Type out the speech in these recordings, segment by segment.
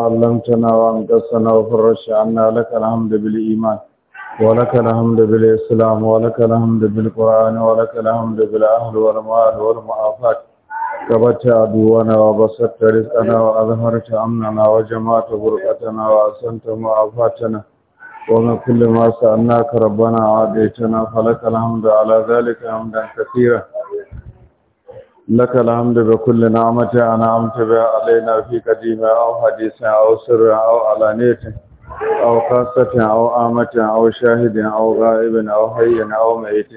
علمتنا وانقصنا وفرش عنا لك الحمد بالإيمان ولك الحمد بالإسلام ولك الحمد بالقرآن ولك الحمد بالأهل والمال والمعافات كبت عدونا وبسطت رزقنا وأظهرت أمننا وجمعت برقتنا وأسنت معافاتنا وما كل ما سألناك ربنا عاديتنا فلك الحمد على ذلك حمدا كثيرا لك الحمد بكل نعمة أنعمت بها علينا في قديمة أو حديث أو سر أو علانية أو خاصة أو آمة أو شاهد أو غائب أو حي أو ميت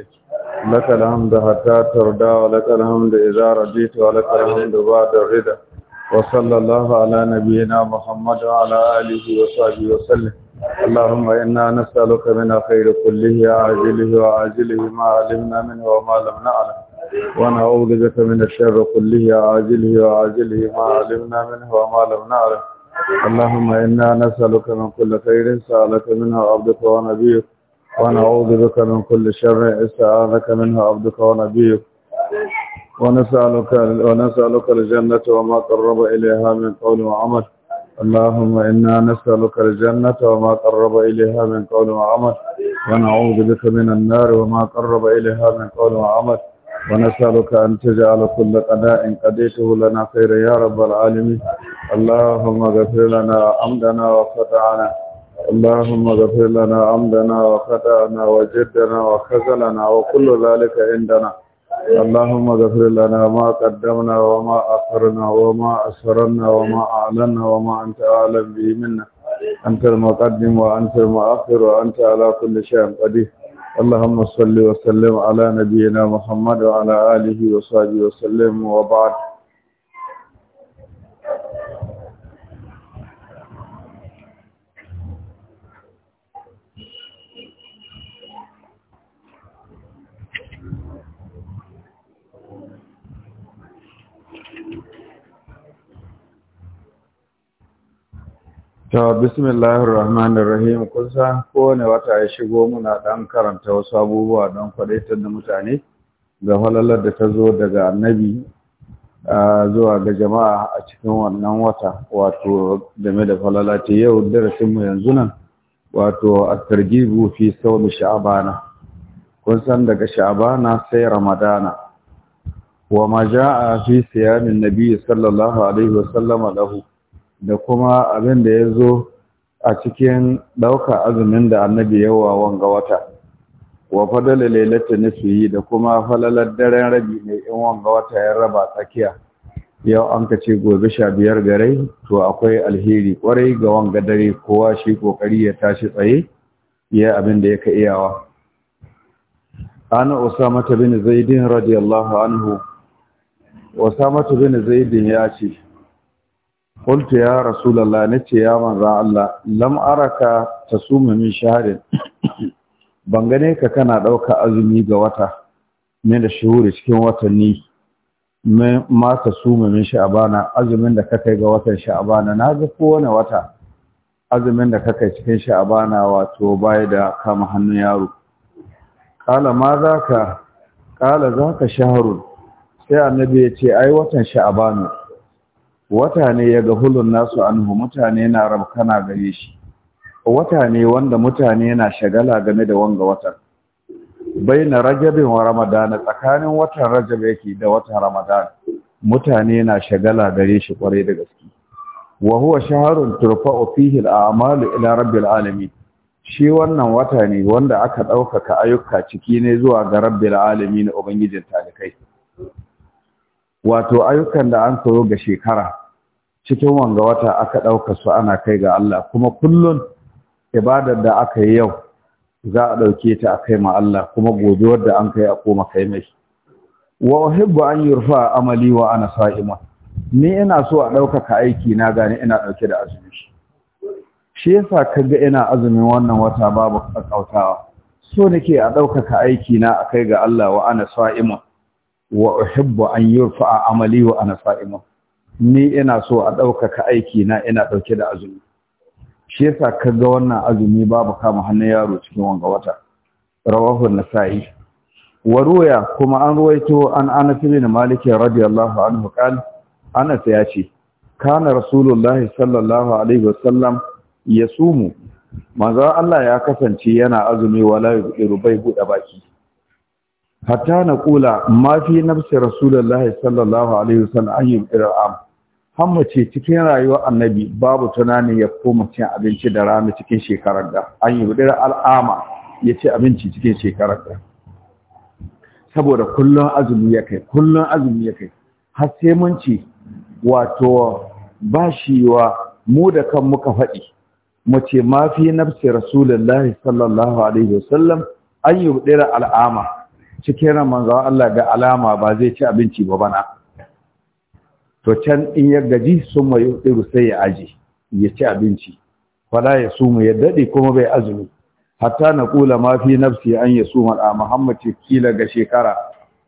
لك الحمد حتى تردى ولك الحمد إذا رديت ولك الحمد بعد الردى وصلى الله على نبينا محمد وعلى آله وصحبه وسلم اللهم إنا نسألك من خير كله عاجله وعاجله ما علمنا منه وما لم نعلم ونعوذ بك من الشر كله عاجله وعاجله ما علمنا منه وما لم نعلم اللهم إنا نسألك من كل خير سألك منه عبدك ونبيك ونعوذ بك من كل شر استعاذك منه عبدك ونبيك ونسألك, ونسألك الجنة وما قرب إليها من قول وعمل اللهم إنا نسألك الجنة وما قرب إليها من قول وعمل ونعوذ بك من النار وما قرب إليها من قول وعمل ونسألك أن تجعل كل قضاء قديته لنا خير يا رب العالمين اللهم اغفر لنا عمدنا وخطأنا اللهم اغفر لنا عمدنا وخطأنا وجدنا وخزلنا وكل ذلك عندنا اللهم اغفر لنا ما قدمنا وما أخرنا وما أسررنا وما أعلنا وما أنت أعلم به منا أنت المقدم وأنت المؤخر وأنت على كل شيء قدير اللهم صل وسلم على نبينا محمد وعلى آله وصحبه وسلم وبعد ta bismillahir rahmanir rahim kun san kowane wata ya shigo muna dan karanta wasu abubuwa don kwadaitar da mutane ga halalar da ta zo daga annabi zuwa ga jama'a a cikin wannan wata wato game da falalati. ta yau darasinmu yanzu nan wato at-targhibu fi Sha'aba sha'bana kun san daga sha'bana sai ramadana wa ma jaa fi siyamin nabi sallallahu alaihi wa sallama lahu da kuma abin da ya zo a cikin ɗauka azumin da annabi yawa wanga wata wa fadala lailatul nisfi da kuma falalar daren rabi ne in wanga wata ya raba tsakiya yau an ka ce gobe sha biyar gare to akwai alheri kwarai ga wanga dare kowa shi kokari ya tashi tsaye ya abin da yake iyawa ana usama bin zaidin radiyallahu anhu usama bin zaidin ya ce qultu ya rasulullah nace ya manzo Allah lam araka tasuma min ban gane kana ɗauka azumi ga wata ne da shuhuri cikin watanni ma tasuma min sha'bana azumin da kakai ga watan sha'bana na ga kowane wata azumin da kakai cikin sha'bana wato baya da kama hannun yaro kala ma zaka kala sai annabi ya ce ai watan sha'bana wata ne ya hulun nasu anhu mutane na rabkana gare shi wata ne wanda mutane na shagala game da wanga watan baina rajabin wa ramadana tsakanin watan rajab yake da watan ramadan mutane na shagala gare shi kwarai da gaske wa huwa shahrun turfa'u fihi al'amalu ila rabbil alamin shi wannan wata ne wanda aka ɗaukaka ayyuka ciki ne zuwa ga rabbil alamin ubangijin talikai wato ayyukan da an koyo ga shekara cikin wanga wata aka ɗauka su ana kai ga Allah kuma kullum ibadar da aka yi yau za a ɗauke ta a kai ma Allah kuma gobe wadda an kai a koma kai mai wa uhibbu an yurfa amali wa ana sa'ima ni ina so a ɗaukaka aiki na gane ina ɗauke da azumi shi yasa kaga ina azumin wannan wata babu kakkautawa so nake a ɗaukaka aiki na a kai ga Allah wa ana sa'ima wa uhibbu an yurfa amali wa ana sa'imun ni ina so a ɗaukaka aiki na ina ɗauke da azumi shi yasa kaga wannan azumi babu kama hannun yaro cikin wanga wata rawahu nasa'i wa ruya kuma an ruwaito an anas bin malik radiyallahu anhu qala anas ya ce kana rasulullahi sallallahu alaihi wasallam yasumu manzo Allah ya kasance yana azumi wala yubiru bai buɗe baki hatta na kula ma fi nafsi rasulullahi sallallahu alaihi wasallam an yi ir'am hamma ce cikin rayuwar annabi babu tunani ya koma cin abinci da rana cikin shekarar da an yi bidar al'ama ya ci abinci cikin shekarar da saboda kullun azumi ya kai kullun azumi ya kai har sai mun ci wato bashiwa mu da kan muka faɗi mu ce ma fi nafsi rasulullahi sallallahu alaihi wasallam an yi bidar al'ama cikin ran manzon Allah ga alama ba zai ci abinci ba bana to can in ya gaji sun mai yuɗiru sai ya aji ya ci abinci fala ya sumu ya daɗe kuma bai azumi hatta na kula ma fi nafsi an ya suma a muhammad kila ga shekara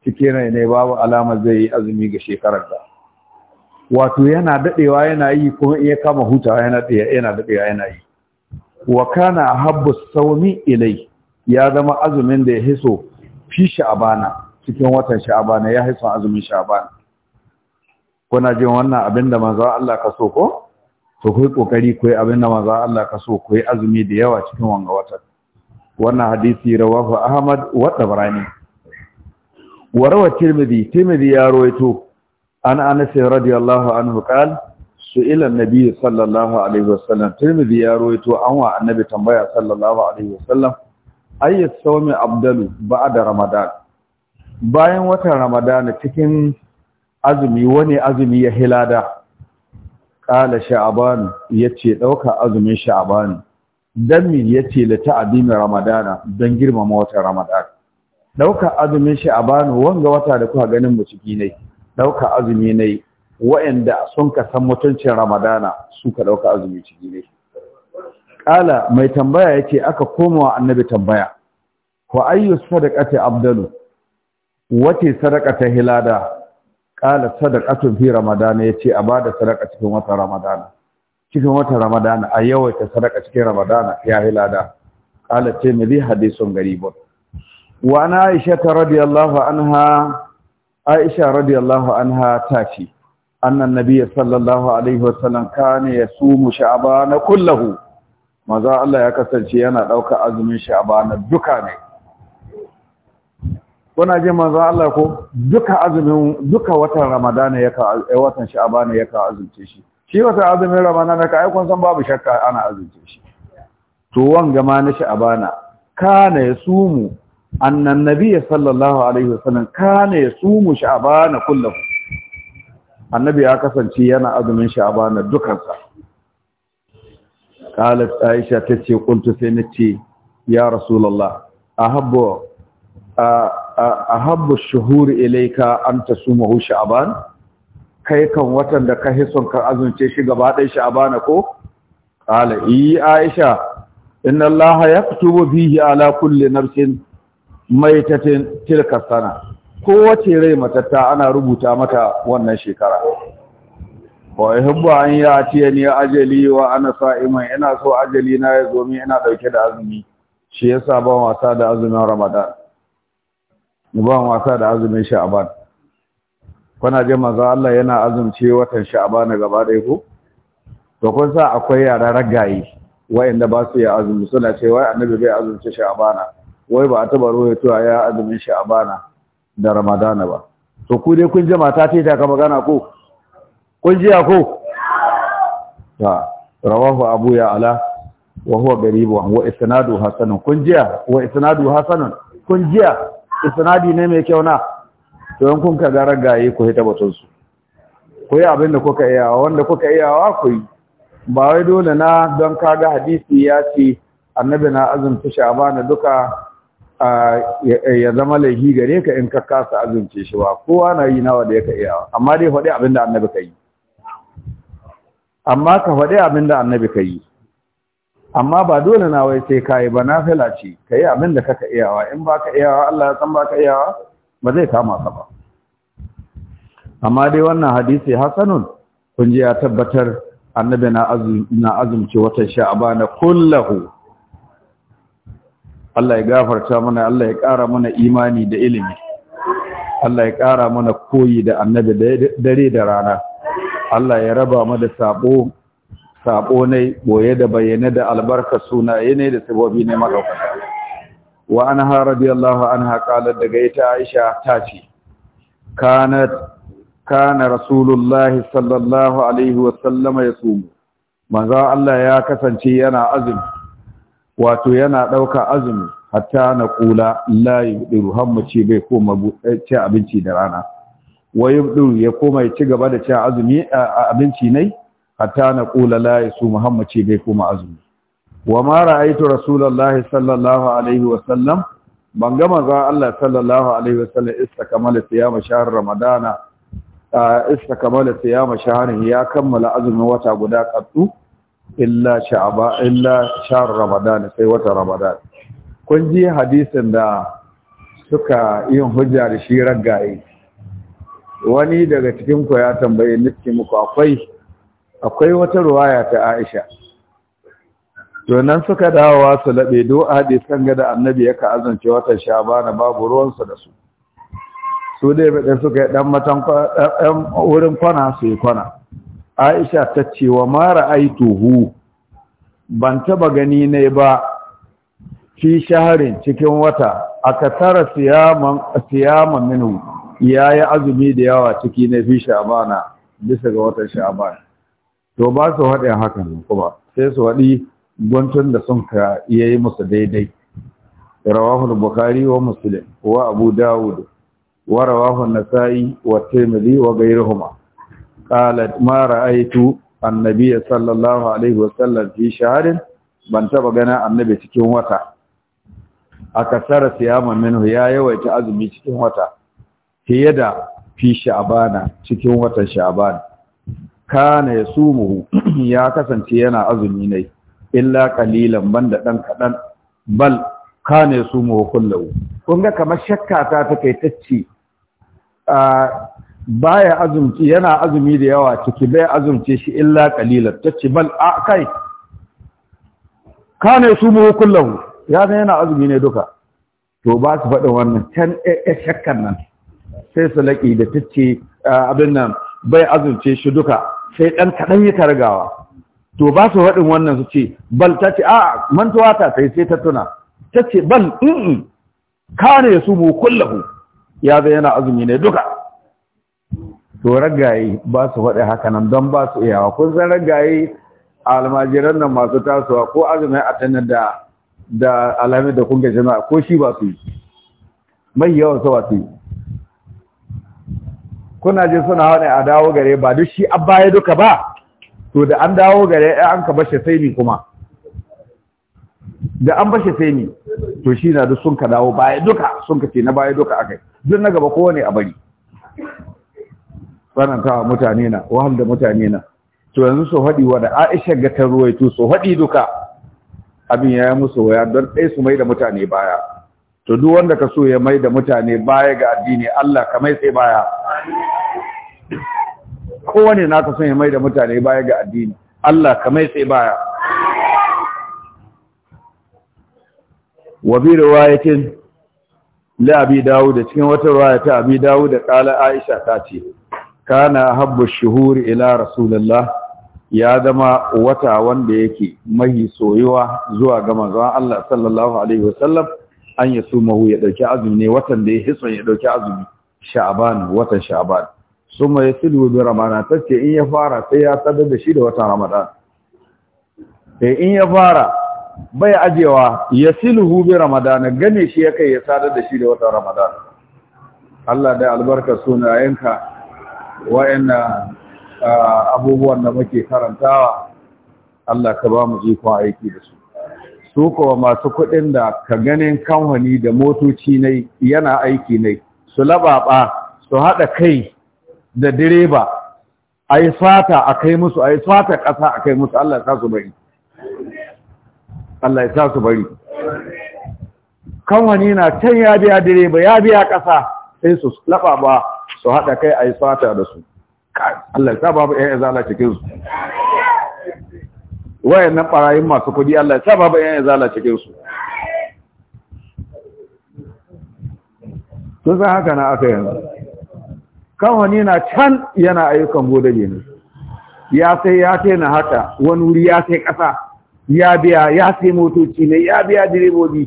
cikin rai ne babu alama zai yi azumi ga shekarar da wato yana daɗewa yana yi kuma iya kama hutawa yana yana daɗewa yana yi wa kana habbu sawmi ilai ya zama azumin da ya hiso fi sha'abana cikin watan sha'abana ya haisu azumin sha'abana kuna jin wannan abin da manzo Allah ka so ko to kai kokari kai abin da manzo Allah ka so kai azumi da yawa cikin wanga watan wannan hadisi rawahu Ahmad wa Tabrani wa rawa Tirmidhi Tirmidhi ya rawaito an Anas radiyallahu anhu qala su'ila an-nabi sallallahu alaihi wasallam Tirmidhi ya rawaito an wa annabi tambaya sallallahu alaihi wasallam ayyus saumi abdalu da ramadan bayan watan Ramadan cikin azumi wani azumi ya hilada kala sha'ban yace dauka azumin sha'ban dami yace la ta'dimi ramadana dan girmama watan Ramadan. dauka azumin sha'ban wanga wata da kuka ganin mu ciki ne dauka azumi ne wa'anda sun ka san mutuncin ramadana ka dauka azumi ciki ne Ƙala mai tambaya yake aka koma wa annabi tambaya, wa ayyu sadaqati abdalu wace sadaka ta hilada qala sadaqatu fi ramadana yace a bada sadaka cikin wata ramadana cikin wata ramadana a ta sadaka cikin ramadana ya hilada qala ce ne bi hadisun garibun wa ana aisha radiyallahu anha aisha radiyallahu anha tace annan nabiyyi sallallahu alaihi wasallam kana yasumu sha'bana kullahu Maza Allah ya kasance yana ɗauka azumin sha'bana duka ne kuna ji maza Allah ko duka azumin duka watan ramadana yaka eh, watan ya yaka azumce shi shi wata azumin ramadana ka ai kun san babu shakka ana azumce shi to wanga ma na sha'bana kana yasumu annan nabiy sallallahu alaihi wasallam kana yasumu sha'bana kullahu annabi ya kasance yana azumin sha'bana dukansa qalat aisha tace qultu sai nace ya rasulullah ahabbu ahabbu ash-shuhur ilayka an tasumahu sha'ban kai kan watan da ka hison ka azunce shi gaba ɗaya sha'ban ko qala i aisha inna allaha yaktubu fihi ala kulli nafsin maitatin tilka sana kowace rai matatta ana rubuta mata wannan shekara wa uhibbu an yi ya'tiyani ajali wa ana Iman ina so ajali na ya zo min ina dauke da azumi shi yasa ban wasa da azumin Ramadan ban wasa da azumin sha'aban. kuna je maza Allah yana azumce watan Sha'ban gaba ɗaya ko to kun sa akwai yara ragaye wayanda ba su yi azumi suna ce wai annabi bai azumce sha'abana. wai ba a taba ruwaito ya azumin sha'abana da Ramadana ba to ku dai kun ji ta ce ta ka magana ko kun ji ko ta rawahu abu ya ala wa huwa garibu wa isnadu hasanun kun ji wa isnadu hasanun kun ji isnadi ne mai kyau na to kun ka ga yi ku hita batun su ku yi abin da kuka iya wanda kuka iya wa ku yi ba wai dole na don kaga hadisi ya ce annabi na azumta shabana duka ya zama laifi gare ka in ka kasa azumce shi wa kowa na yi nawa da ya ka iya amma dai faɗi abin da annabi ka yi amma ka faɗi abin da annabi ka yi amma ba dole na wai sai ka yi ba na filaci ka yi abin da kaka iyawa in ba ka iyawa Allah ya san ba ka iyawa ba zai kama ka ba amma dai wannan hadisi hasanun kun ji ya tabbatar annabi na azumci watan sha'abana kullahu Allah ya gafarta mana Allah ya ƙara mana imani da ilimi Allah ya ƙara mana koyi da annabi dare da rana Allah ya raba mu da sabo sabo ne boye da bayyane da albarka sunaye ne da sabobi ne madaukaka wa anha radiyallahu anha qalat daga ita Aisha ta ce kanat kana rasulullahi sallallahu alaihi wa sallama yasumu manzo Allah ya kasance yana azumi wato yana dauka azumi hatta na kula la yudiru hamma ce bai koma eh, ci abinci da rana wa yubdu ya koma ya ci gaba da cin azumi abinci ne? hatta na qula la yasu muhammad ce bai koma azumi wa ma ra'aytu rasulullahi sallallahu alaihi wa sallam ban ga manzo Allah sallallahu alaihi wa sallam istakamala siyam shahr ramadana istakamala siyam shahr ya kammala azumin wata guda kaddu illa sha'aba illa shahr ramadan sai wata ramadan kun ji hadisin da suka yin hujja da shi raggaye wani daga cikin ku ya tambaye nake muku akwai akwai wata ruwaya ta Aisha to nan suka dawowa su labe do san ga da annabi ya ka azance watan shabana babu ruwan su da su su dai bada suka yi dan matan dan wurin kwana su yi kwana Aisha ta ce wa ma ra'aituhu ban taba gani ne ba fi shaharin cikin wata aka tara siyaman siyaman minhu ya yi azumi da yawa ciki na fi sha'abana bisa ga watan sha'aban to ba su haɗe hakan kuma sai su haɗi gwantun da sun ka iya yi musu daidai rawahul bukhari wa musulun wa abu dawud wa rawahul nasa'i wa tirmidhi wa ghayruhuma qalat ma ra'aytu annabi sallallahu alaihi wasallam fi shahrin ban taba gana annabi cikin wata A kasar siyama minhu ya yawaita azumi cikin wata fiye da fi sha'abana cikin watan sha'aban kana ya sumuhu ya kasance yana azumi ne illa qalilan banda dan kadan bal kana ya sumuhu kullu kun ga kamar shakka ta take tacci a baya azumci yana azumi da yawa ciki bai azumce shi illa qalilan tacci bal a kai kana ya sumuhu kullu ya yana azumi ne duka to ba su faɗin wannan can eh, eh, shakkan nan sai su laƙi da tacce abin nan bai azurce shi duka sai ɗan kaɗan yi targawa to ba su faɗin wannan su ce bal ta ce a mantuwa ta sai sai ta tuna ta ce bal in kane su mu kullahu ya zai yana azumi ne duka to ragaye ba su faɗi haka nan don ba su iyawa kun san ragaye almajiran nan masu tasowa ko azumi a tanar da da da kun ga jama'a ko shi ba su yi mai yawan sa ba su yi kuna je suna wani a dawo gare ba duk shi an baya duka ba to da an dawo gare ya eh, an ka bashe sai ni kuma da an bashe sai ni to shi na duk sun ka dawo baya duka sun ka ce na baya duka akai duk na gaba kowane a bari ta mutane na wahal da mutane na to yanzu su hadi wa da aisha ga ta ruwaito su hadi duka abin ya yi musu waya don ɗaya su mai da mutane baya to duk wanda ka so ya mai da mutane baya ga addini Allah ka mai sai baya kowane na ka so ya mai da mutane baya ga addini Allah ka mai sai baya wa bi riwayatin la abi dawud cikin wata riwaya ta abi dawud kala aisha ta ce kana habbu shuhuri ila rasulullah ya zama wata wanda yake mahi soyuwa zuwa ga manzon Allah sallallahu alaihi wasallam an ya sumahu ya ɗauki azumi ne watan da ya hitson ya ɗauki azumi sha'aban watan su suma ya silu bi ramadan ce in ya fara sai ya sadar da shi da watan ramadan sai in ya fara bai ajewa ya fi bi ramadan gane shi ya kai ya sadar da shi da watan ramadan Allah da albarka sunayenka wa'anna ah, abubuwan da muke karantawa Allah ka ba mu iko aiki da su su kuwa masu kuɗin da ka ganin kamfani da motoci ne yana aiki ne su laɓaɓa su haɗa kai da direba a yi fata a kai musu a yi fata ƙasa a kai musu Allah ya su bari Allah ya sa su bari kamfani na can ya biya direba ya biya ƙasa sai su laɓaɓa su haɗa kai a yi fata da su Allah ya sa babu ‘yan izala cikinsu wayannan barayin masu kudi Allah ya sa babu yan zala cikin su to sai haka na aka yanzu kawani na can yana ayyukan godaje ne ya sai ya sai na haka wani wuri ya sai kasa ya biya ya sai motoci ne ya biya direbobi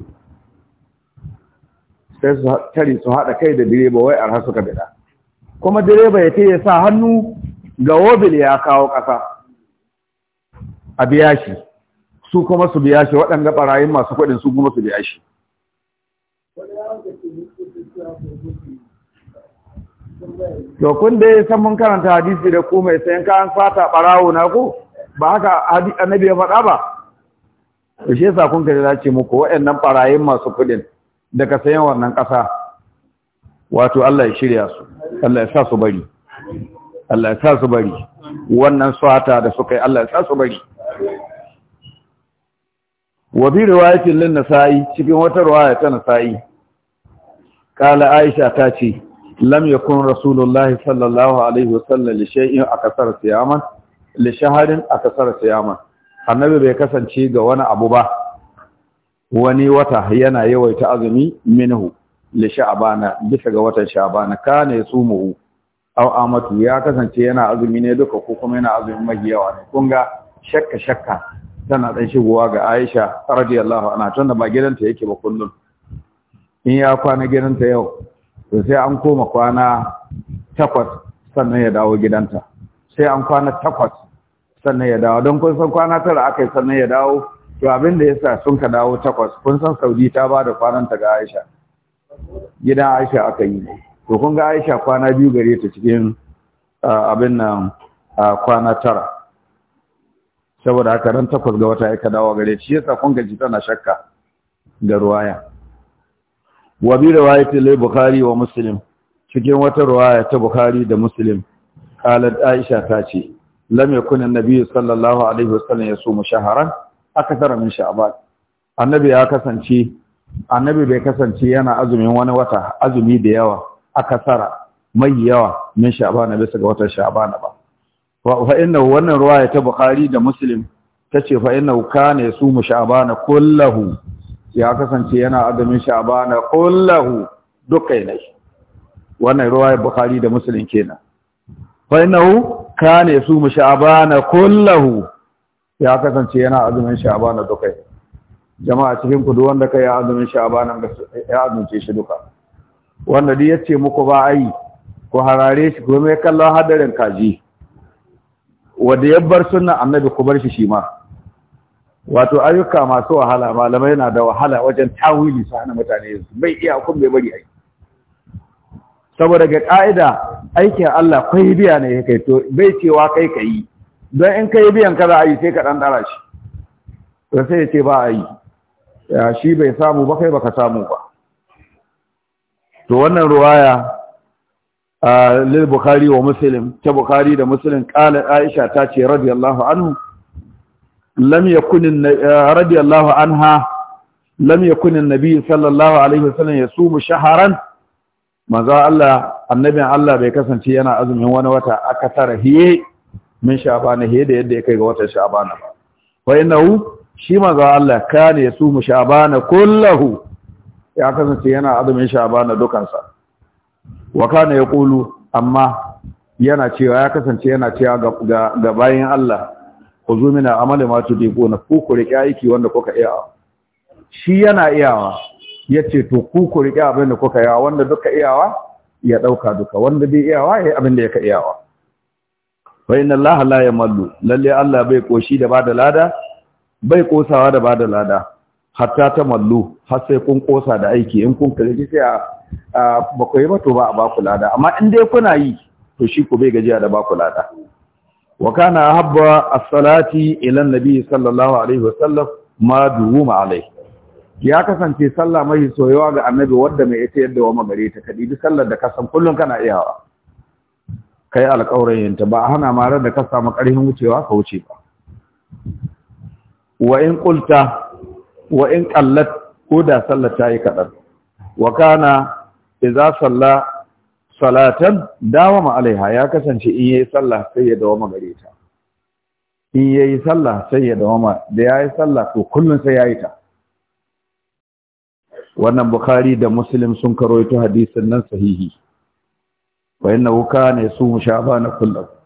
sai su tare su haɗa kai da direba wai arha suka bida kuma direba ya ce ya sa hannu ga wobil ya kawo ƙasa a biya shi su kuma su biya shi waɗanda ɓarayin masu kuɗin su kuma su biya shi to kun dai san mun karanta hadisi da ku mai sayan kayan fata ɓarawo na ku ba haka annabi ya faɗa ba to shi yasa kun kaje zace muku waɗannan ɓarayin masu kuɗin daga sayan wannan ƙasa wato Allah ya shirya su Allah ya sa su bari Allah ya sa su bari wannan swata da suka yi Allah ya sa su bari wa bi riwayatin lin nasa'i cikin wata riwaya ta nasa'i kala aisha ta ce lam yakun rasulullahi sallallahu alaihi wasallam li shay'in akasar siyaman li shaharin akasar siyaman annabi bai kasance ga wani abu ba wani wata yana yawaita azumi minhu li sha'bana bisa ga watan sha'bana kana yasumu aw amatu ya kasance yana azumi ne duka ko kuma yana azumin magiyawa ne kun ga shakka shakka tana dan shigowa ga Aisha radiyallahu anha tunda ba gidanta yake ba kullun in ya kwana gidanta yau to sai an koma kwana takwas sannan ya dawo gidanta sai an kwana takwas sannan ya dawo don kun san kwana tara akai sannan ya dawo to abin da yasa sun ka dawo takwas kun san Saudi ta ba da ta ga Aisha gidan Aisha aka yi to kun ga Aisha kwana biyu gare ta cikin ah, abin nan ah, kwana tara saboda haka ran takwas ga wata aika dawo gare shi yasa kun gaji tana shakka da ruwaya wa bi riwayati lil bukhari wa muslim cikin wata ruwaya ta bukhari da muslim qalat aisha ta ce lam yakun annabi sallallahu alaihi wasallam yasumu shahran akthara min sha'ban annabi ya kasance annabi bai kasance yana azumin wani wata azumi da yawa akasara mai yawa min sha'ban bisa ga watan sha'ban ba fa inna wannan ruwaya ta bukhari da muslim tace fa inna kana yasumu sha'bana kullahu ya kasance yana azumin sha'bana kullahu dukai ne wannan ruwaya bukhari da muslim kenan fa innahu kana yasumu sha'bana kullahu ya kasance yana azumin sha'bana dukai jama'a cikin ku duk wanda kai ya azumin sha'bana ya azumce shi duka Wannan dai yace muku ba ai ku harare shi ko mai kallon hadarin kaji wanda ya bar sunnan annabi ku bar shi shi ma wato ayyuka masu wahala malamai na da wahala wajen tawili su hana mutane bai iya kun bai bari aiki saboda ga ka'ida aikin Allah kai biya ne kai to bai cewa kai ka don in kai biyan ka za a yi sai ka dan dara shi to sai ya ce ba a yi shi bai samu ba kai baka samu ba to wannan ruwaya lil bukhari wa muslim ta bukhari da muslim qala aisha ta ce radiyallahu anhu lam yakun radiyallahu anha lam yakun annabi sallallahu alaihi wasallam yasumu shaharan maza Allah annabin Allah bai kasance yana azumin wani wata aka tara hiye min sha'bana hiye da yadda ya kai ga watan sha'bana wa innahu shi maza Allah kana yasumu sha'bana kullahu ya kasance yana azumin sha'bana dukansa wa kana yaqulu amma yana cewa ya kasance yana cewa ga, ga, bayin Allah ku zo mina amali ma tu diko na ku ku riƙe aiki wanda kuka iya shi yana iyawa yace to ku ku riƙe abin da kuka iyawa wanda duka iyawa ya dauka duka wanda bai iyawa yayi abin da yake iyawa wa inna Allah la yamallu lalle Allah bai koshi da bada lada bai kosawa da bada lada hatta ta mallu har sai kun kosa da aiki in kun kaje sai ba ku yi ba to ba a ku lada amma in dai kuna yi to shi ku bai gajiya da ba ku lada wa kana habba as-salati ila nabi sallallahu alaihi wa sallam, ma duwuma alai ya kasance sallah mai soyawa ga annabi wanda mai ita yadda wa magare ta kadi duk sallar da kasan kullun kana iyawa kai alƙawarin ta ba hana mara da ka samu ƙarfin wucewa ka wuce ba wa in qulta wa in qallat ko da sallar ta yi kadan wa kana Iza salla salatan dawama alaiha ya kasance in yayi sallah sai ya dawama gare ta in yayi sallah sai ya dawama da yayi sallah to kullun sai yayi ta wannan bukhari da muslim sun karoito hadisin nan sahihi wa innahu kana shafa na kullahu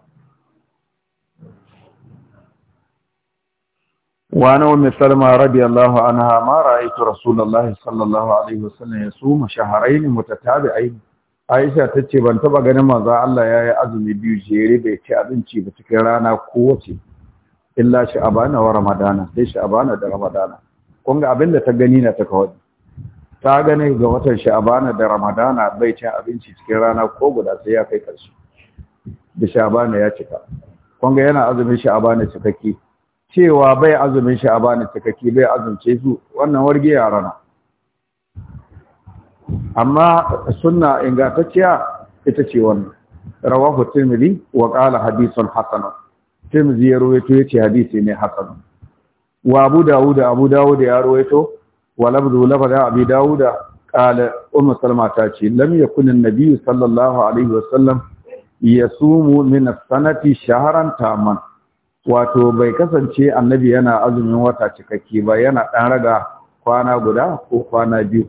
وانا ام سلمة رضي الله hama, ما Rasulallah! Sallallahu alaihi صلى الله عليه وسلم يصوم شهرين متتابعين Aisha ta ce ban taba ganin maza Allah ya yi azumi biyu jere bai ci abinci ba cikin rana kowace illa sha'abana wa ramadana sai sha'abana da ramadana kun ga abin da ta gani na ta kawai ta gani ga watan sha'abana da ramadana bai cin abinci cikin rana ko guda sai ya kai karshe da sha'abana ya cika kun ga yana azumin sha'abana cikakke cewa bai azumin shi a bani cikakki bai azumce su wannan warge yara na amma sunna ingantacciya ita ce wannan rawahu tirmidhi wa qala hadithun hasan tirmidhi ya rawaito yace hadisi ne hasan wa abu dawud abu dawud ya rawaito wa labdu labda abi dawud qala ummu salma ta ce lam yakun an-nabiy sallallahu alaihi wasallam yasumu min as-sanati shahran tamam wato bai kasance annabi yana azumin wata cikakke ba yana ɗan raga kwana guda ko kwana biyu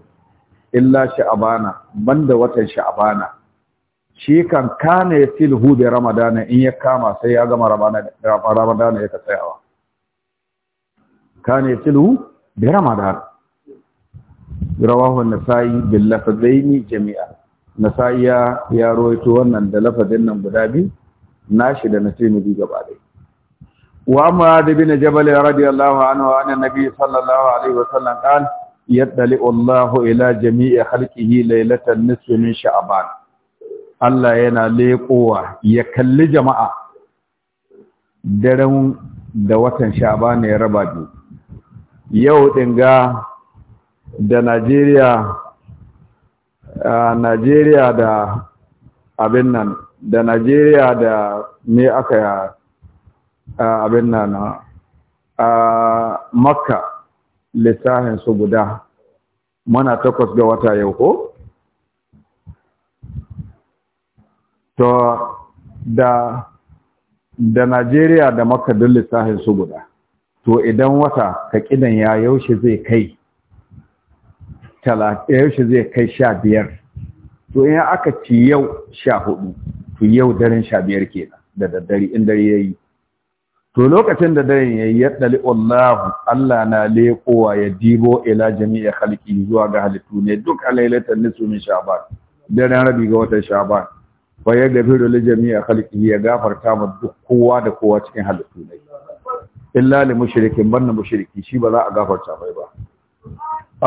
illa sha'abana banda watan sha'abana shi kan kana ya silhu da ramadana in ya kama sai ya gama ramadana ya tsayawa kana ya silhu da ramadana rawahun nasa'i bil lafazaini jami'a nasa'i ya ya rawaito wannan da lafazin nan guda biyu nashi da na tirmidhi gaba ɗaya ومعاذ بن جبل رضي الله عنه عن النبي صلى الله عليه وسلم قال يطلع الله الى جميع خلقه ليله النصف من شعبان الله yana leƙowa ya kalli jama'a daren da watan sha'ban ya raba biyu yau din ga da Najeriya Najeriya da abin nan da Najeriya da me aka Ah, abin na na ah, ah, makka littafin su guda mana takwas ga wata yau ko? to da da najeriya da makka duk littafin su guda to idan wata ka kidan ya yaushe zai kai yaushe zai kai sha biyar to in aka ci yau sha hudu to yau daren sha biyar ke da daddare in dare ya yi to lokacin da daren yayi ya dali Allah Allah na lekowa ya dibo ila jami'i khalqi zuwa ga halittu ne duk alailatan nisu min sha'ban daren rabi ga watan sha'ban fa ya gafi li jami'i khalqi ya gafarta ma duk kowa da kowa cikin halittu ne illa li mushrikin banna mushriki shi ba za a gafarta mai ba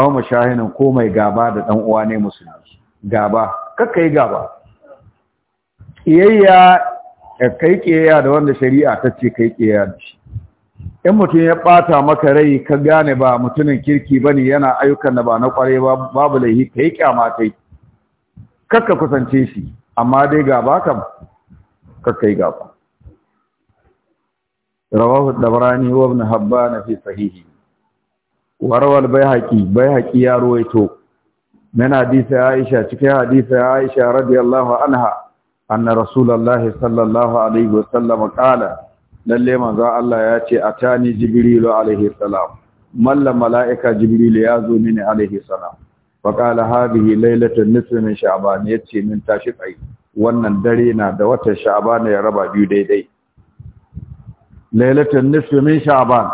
aw mashahinan ko mai gaba da dan uwa ne musulmi gaba kakkai gaba iyayya kai kiyaya da wanda shari'a ta ce kai kiyaya da shi in mutum ya ɓata maka rai ka gane ba mutumin kirki ba ne yana ayyukan da ba na kware ba babu laihi ka yi kyama kai kakka kusance shi amma dai ba, kam kakka yi gaba rawahu dabrani wa ibn habban fi sahihi rawal bayhaqi bayhaqi ya ruwaito min hadisi aisha cikin hadisi aisha radiyallahu anha anna rasulullahi sallallahu alaihi wasallam qala lalle Allah ya ce atani jibrilu alaihi salam mallan malaika jibrilu ya zo mini a salam fa qala hadhihi lailatun nisfu min sha'ban yace min tashi tsayi wannan dare na da watan sha'ban ya raba biyu daidai lailatun nisfu min sha'ban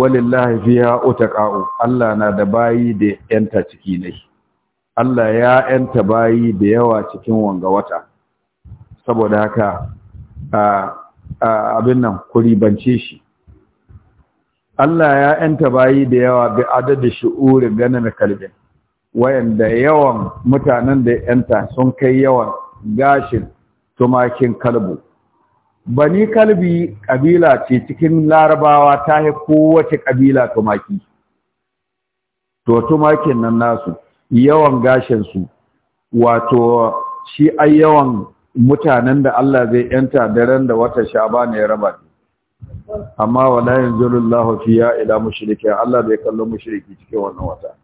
walillahi fiha utaqa'u Allah na da bayi da yanta ciki nai. Allah ya ‘yanta bayi da yawa cikin wanga wata, saboda haka abin nan kuribance shi. Allah ya ‘yanta bayi da yawa bi adadi shi'urin ganin kalbin, wayanda yawan mutanen da ‘yanta sun kai yawan gashin tumakin kalbu. Bani kalbi kabila ce cikin larabawa ta kowace kabila tumaki, to tumakin nan nasu. yawan gashinsu wato shi ai yawan mutanen da Allah zai yanta daren da wata ne ya raba amma wala yanzurullahu fiya ila mushriki Allah zai kallon mushriki cikin wannan wata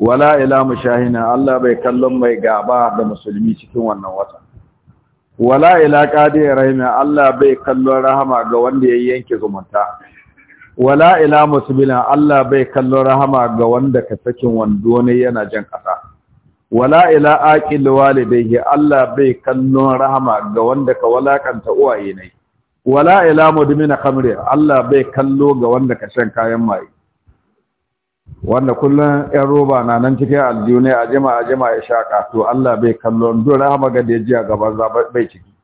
wala ila mushahina Allah bai kallon mai gaba da musulmi cikin wannan wata wala ila qadi rahima Allah bai kallon rahama ga wanda ya yanke zumunta wala ila musbila Allah bai kallon rahama ga wanda ka sakin wando ne yana jan kasa wala ila aqil walidayhi Allah bai kallon rahama ga wanda ka walakanta uwaye ne wala ila mudmina khamri Allah bai kallo ga wanda ka shan kayan mai wanda kullun yan roba na nan cikin aljune a jama'a jama'a ya shaka to Allah bai kallon dole rahama ga da gaban za bai ciki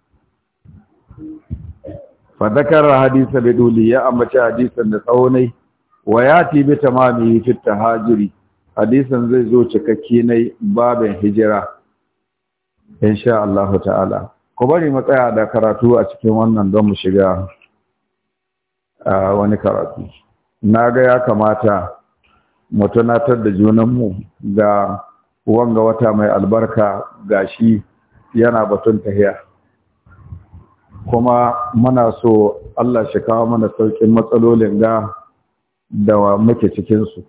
fa zakara hadisa biduli ya ambaci hadisan da tsawonai wa yati bi tamami fi hajiri? hadisan zai zo cikakke ne babin hijira insha Allah ta'ala ku bari mu tsaya da karatu a cikin wannan don mu shiga wani karatu na ga ya kamata mu tunatar da junanmu ga wanga wata mai albarka gashi yana batun tahiya kuma muna so Allah shi kawo mana sauƙin matsalolin ga da muke cikinsu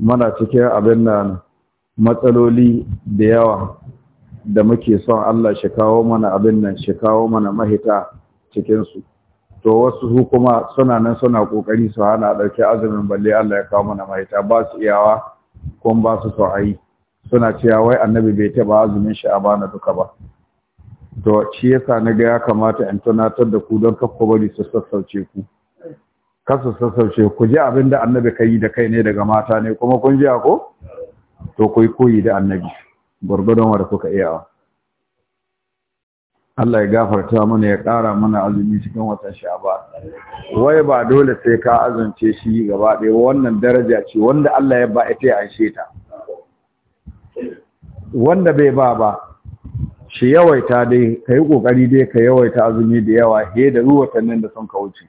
muna cikin abin nan matsaloli da yawa da muke son Allah shi kawo mana abin nan shi kawo mana mahita cikinsu to wasu su kuma suna nan suna kokari su hana ɗauki azumin balle Allah ya kawo mana mahita ba su iyawa kuma ba su so ayi suna cewa wai annabi bai taɓa azumin shi a bana duka ba da shi yasa na ga ya kamata in tunatar da ku don kakko bari su sassauce ku kasu sassauce ku ji abin da annabi ka yi da kai ne daga mata ne kuma kun ji ko to ku yi koyi da annabi gwargwadon wanda kuka iya Allah ya gafarta mana ya ƙara mana azumi cikin watan sha'ban wai ba dole sai ka azance shi gaba ɗaya wannan daraja ce wanda Allah ya ba ita ya anshe ta wanda bai ba ba shi yawaita dai ka yi ƙoƙari dai ka yawaita azumi da yawa he da ruwatan nan da sun ka wuce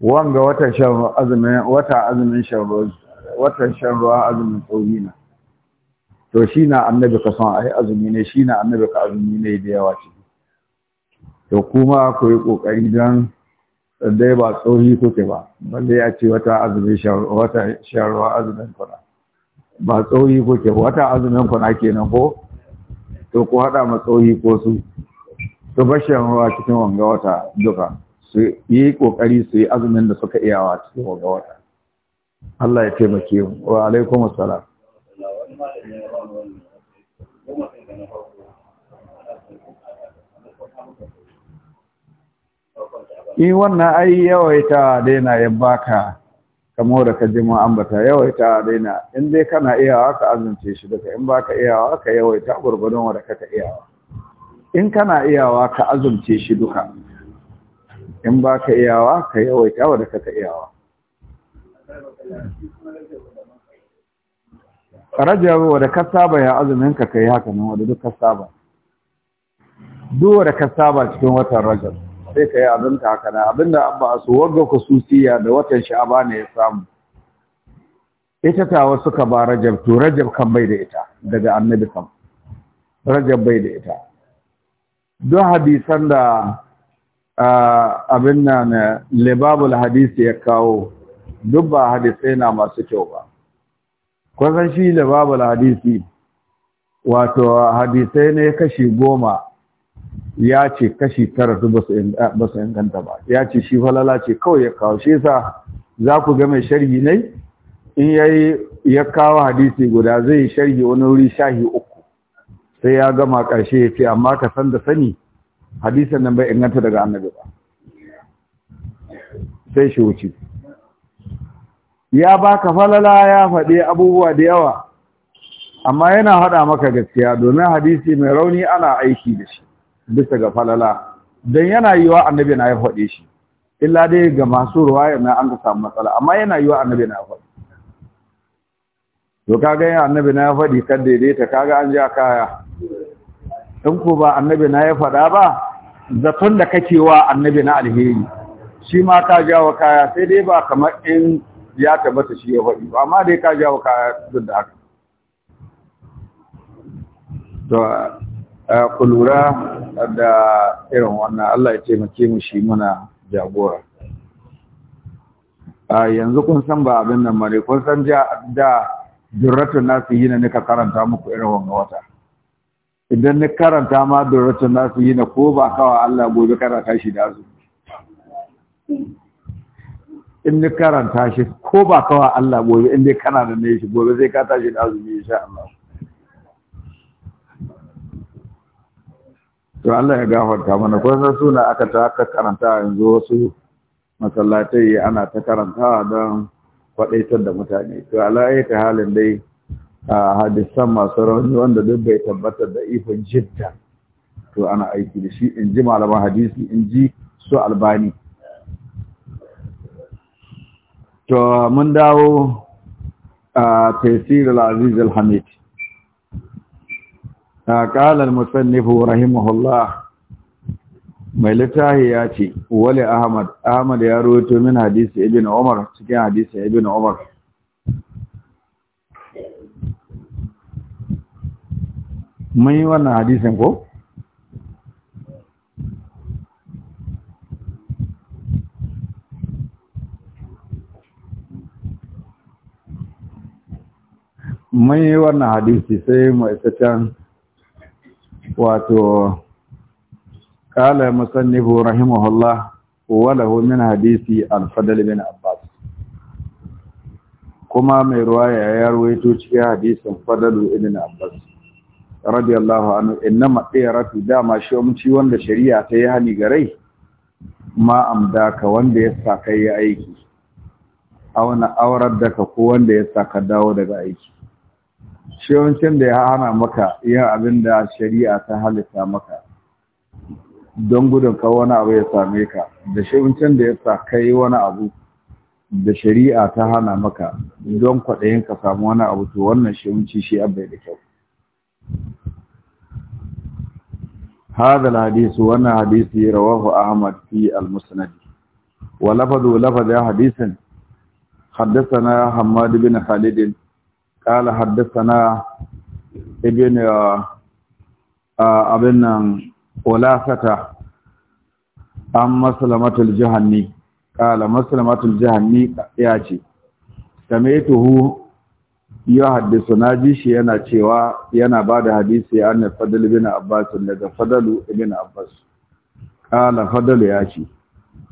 wanga watan shan azumin wata azumin shan ruwa watan shan ruwa azumin tsohi na to shi na annabi ka son a yi azumi ne shi na annabi ka azumi ne da yawa ce to kuma ku yi ƙoƙari don dai ba tsauri kuke ba balle ya ce wata azumin shan ruwa azumin kuna ba tsauri kuke wata azumin kuna kenan ko to ku haɗa matsohi ko su to bashin ruwa cikin wanga wata duka su yi ƙoƙari su yi azumin da suka iyawa cikin wanga wata Allah ya taimake mu wa alaikum assalam in eh, wannan ai yawaita daina yabba baka kamar da ka ji an ambata yawaita daina in dai kana iyawa ka azumce shi duka in baka iyawa ka yawaita da ka kaka iyawa in kana iyawa ka azumce shi duka in baka iyawa ka yawaita wa ka kaka iyawa wa da ka saba ya azumin ka kai haka nan da duk ka saba duk da ka saba cikin watan rajab sai ka yi abin takana, abin da abba su wagga kususiya da watan sha'aba ne ya samu ita ta wasu ka ba rajab to rajab kan bai da ita daga annabi kan rajab bai da ita don hadisan da abin na na libabul hadisi ya kawo duk ba hadisai na masu kyau ba kwasan shi libabul hadisi wato hadisai ne kashi goma ya ce kashi tara su eh, ba su inganta ba ya ce shi falala ce kawai ya kawo shi sa za ku ga mai sharhi ne in yayi ya kawo hadisi guda zai sharhi wani wuri shahi uku sai ya gama ƙarshe ya ce amma ka san da sani hadisan nan bai inganta daga annabi ba sai shi wuce ya baka falala ya faɗi abubuwa da yawa amma yana haɗa maka gaskiya domin hadisi mai rauni ana aiki da shi bisa ga falala dan yana yiwa annabi na ya faɗe shi illa dai ga masu ruwaya na an samu matsala amma yana yiwa annabi na ya faɗi to kaga yana annabi na ya faɗi kan daidaita kaga an ja kaya in ko ba annabi na ya faɗa ba zaton da kake wa annabi na alheri shi ma ka jawo kaya sai dai ba kamar in ya tabbata shi ya faɗi ba amma dai ka jawo kaya duk da haka ku lura da irin wannan Allah ya taimake mu shi muna jagora a yanzu kun san ba abin nan mare kun san da durratun nasu yi na nika karanta muku irin wannan wata idan ni karanta ma durratun nasu yi na ko ba kawa Allah gobe karanta shi da su in ni karanta shi ko ba kawa Allah gobe in dai kana da ne shi gobe zai ka tashi da azumi insha Allah to Allah ya gafarta mana ko san suna aka ta aka karanta yanzu wasu masallatai ana ta karantawa don kwadaitar da mutane to Allah ta halin dai a hadisan masu rauni wanda duk bai tabbatar da ifin jidda to ana aiki da shi in ji malaman hadisi in ji su albani to mun dawo a tafsir aziz al-hamid qala almusannifu rahimahullah mai littahi ya ce wale ahmad ahmad ya ruwaito min hadisi ibn umar cikin hadisi ibn umar mun yi wannan hadisin ko mun yi wannan hadisi sai mu isa can wato kala musannifu rahimahullah wa lahu min hadisi al-fadl bin abbas kuma mai ruwaya ya ruwaito cikin hadisin fadl bin abbas radiyallahu anhu ma tsiratu dama ci wanda shari'a ta yi hali garai ma ka wanda ya saka yi aiki auna aurar daka ka ko wanda ya saka dawo daga aiki shi wancan da ya hana maka yin abin da shari'a ta halitta maka don gudun ka wani abu ya same ka da shi wancan da ya sa kai wani abu da shari'a ta hana maka don kwaɗayin ka samu wani abu to wannan shi wanci shi abai da kyau هذا الحديث وانا حديث رواه احمد في المسند ولفظ لفظ حديث حدثنا حماد بن خالد قال حدثنا ابن ابن خلاصة عن مسلمه الجهني قال مسلمه الجهني ياتي سمعته يحدثنا haddisa yana cewa yana bada hadisi an fadl ibn abbas da fadlu ibn abbas قال فضل ياتي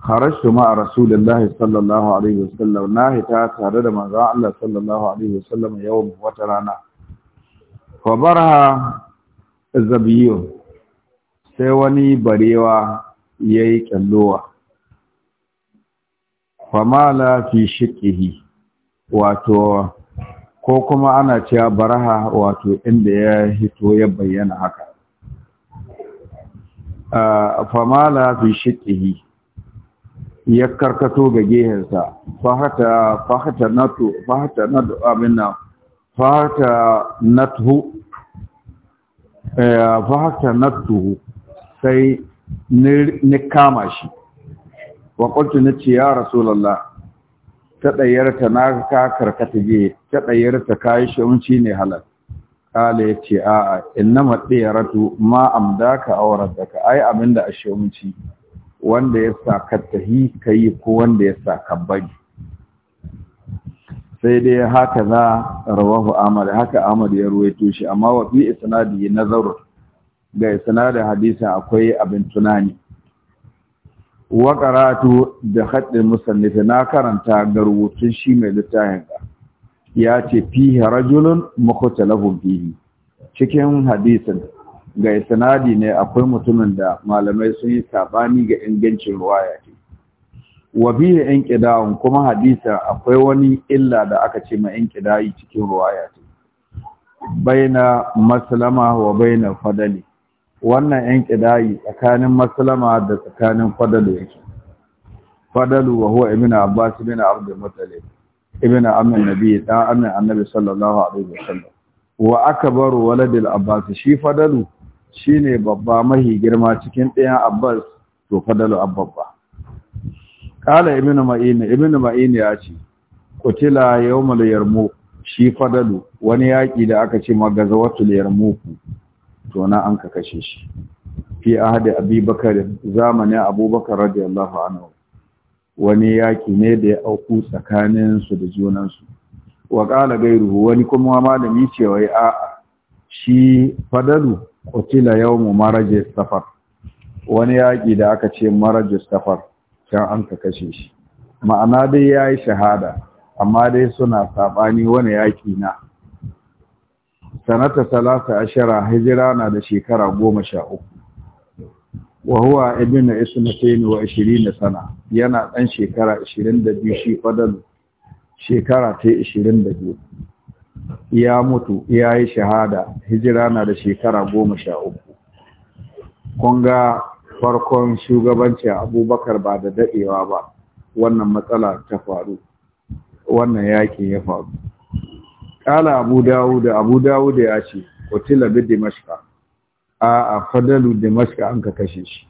kharajtu ma rasulullah sallallahu alaihi wasallam na hita tare da manzon Allah sallallahu alaihi wasallam wata rana fa baraha zabiyu sai wani barewa yayi kallowa fa mala fi shiqihi ko kuma ana cewa baraha wato inda ya hito ya bayyana haka ah, famala fi shiqihi ya karkato ga gehensa fahata fahata natu fahata natu amina fahata natu eh, fahata natu sai ni kama shi wa qultu nati ya rasulullah ta ta na ka karkata ge ta ta kai shi ne halal kala ya ce a'a innama dayaratu ma amdaka awradaka ai abinda ashewunci wanda ya sa ka tahi ka yi ko wanda ya sa ka bari sai dai haka za rawahu Ahmad haka Ahmad ya ruwaito shi amma wa fi isnadi nazar ga isnadin hadisin akwai abin tunani wa da haɗin musannif na karanta ga rubutun shi mai littafin ka ya ce fi rajulun mukhtalafun fihi cikin hadisin ga isnadi ne akwai mutumin da malamai sun yi sabani ga ingancin ruwaya ce wa bihi inqida'un kuma hadisa akwai wani illa da aka ce ma inqida'i cikin ruwaya ce baina maslama wa baina fadali wannan inqida'i tsakanin maslama da tsakanin fadalu yake fadalu wa huwa ibn abbas ibn abd al-muttalib ibn ammi nabi da ammi annabi sallallahu alaihi wasallam wa akbaru waladil abbas shi fadalu Shi ne babba mahi girma cikin ɗayan abbas to fadalu abbabba kala ibnu ma'in ibnu ya ce kutila yawmul yarmu shi fadalu wani yaƙi da aka ce magazawatul yarmuku to na an ka kashe shi fi ahadi abubakar zamanin abubakar radiyallahu anhu wani yaƙi ne da ya auku tsakaninsu da junansu wa ƙala gairu wani kuma malami cewa ya a shi fadalu kutila mu Mara safar wani yaƙi da aka ce Mara safar can an ka kashe shi ma'ana dai ya yi shahada amma dai suna saɓani wani yaƙi na sanata talata ashara hijira na da shekara goma sha uku wa huwa ibnu isnatain wa 20 sana yana dan shekara 22 shi fadal shekara ta 22 ya mutu ya yi shahada hijira na da shekara goma sha uku kun ga farkon shugabancin abubakar ba da daɗewa ba wannan matsala ta faru wannan yaƙi ya faru ƙala abu da abu da ya ce kotila bi dimashka a a fadalu dimashka an ka kashe shi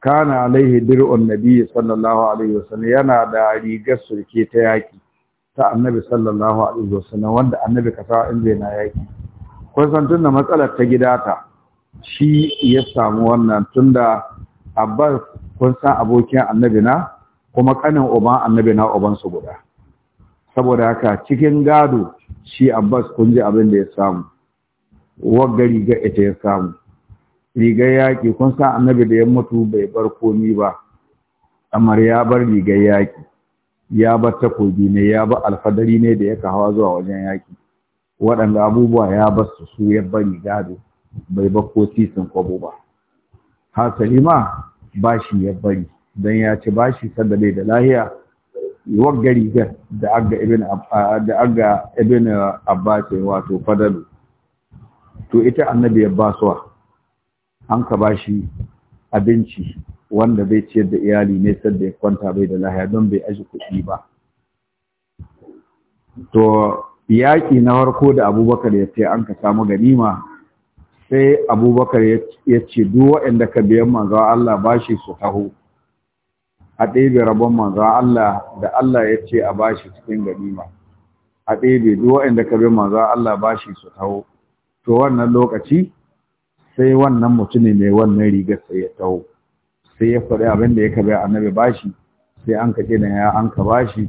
kana alaihi dir'un nabi sallallahu alaihi wasallam yana da rigar surke ta yaƙi ta annabi sallallahu alaihi wasallam wanda annabi ka sa in yana yaki kun san tunda matsalar ta gida ta shi ya samu wannan tunda abbas kun san abokin annabi na kuma kanin uban annabi na uban su guda saboda haka cikin gado shi abbas kun ji abin da ya samu wagga riga ita ya samu rigar yaƙi kun san annabi da ya mutu bai bar komi ba amma ya bar rigar yaƙi ya bar takobi ne ya bar alfadari ne da yaka hawa zuwa wajen yaƙi waɗanda abubuwa ya bar su su ya bari gado bai bar ko titin kwabo ba hasali ma bashi ya bari Dan ya ci bashi sanda bai da lahiya wa gari da aga ibn da aga ibn wato fadalu to ita annabi ya basuwa an ka bashi abinci wanda bai ciyar da iyali ne sadda ya kwanta bai da lahaya, don bai aji kuɗi ba to yaƙi na farko da abubakar ya ce an ka samu ganima sai abubakar ya ce duk waɗanda ka biyan manzo Allah bashi su taho a ɗebe rabon manzo Allah da Allah ya ce a bashi cikin ganima a ɗebe duk waɗanda ka biyan manzo Allah bashi su taho to wannan lokaci sai wannan mutumin mai wannan rigar sai ya taho sai ya faɗi abin da ya kabe annabi bashi sai an ka kina ya an ka bashi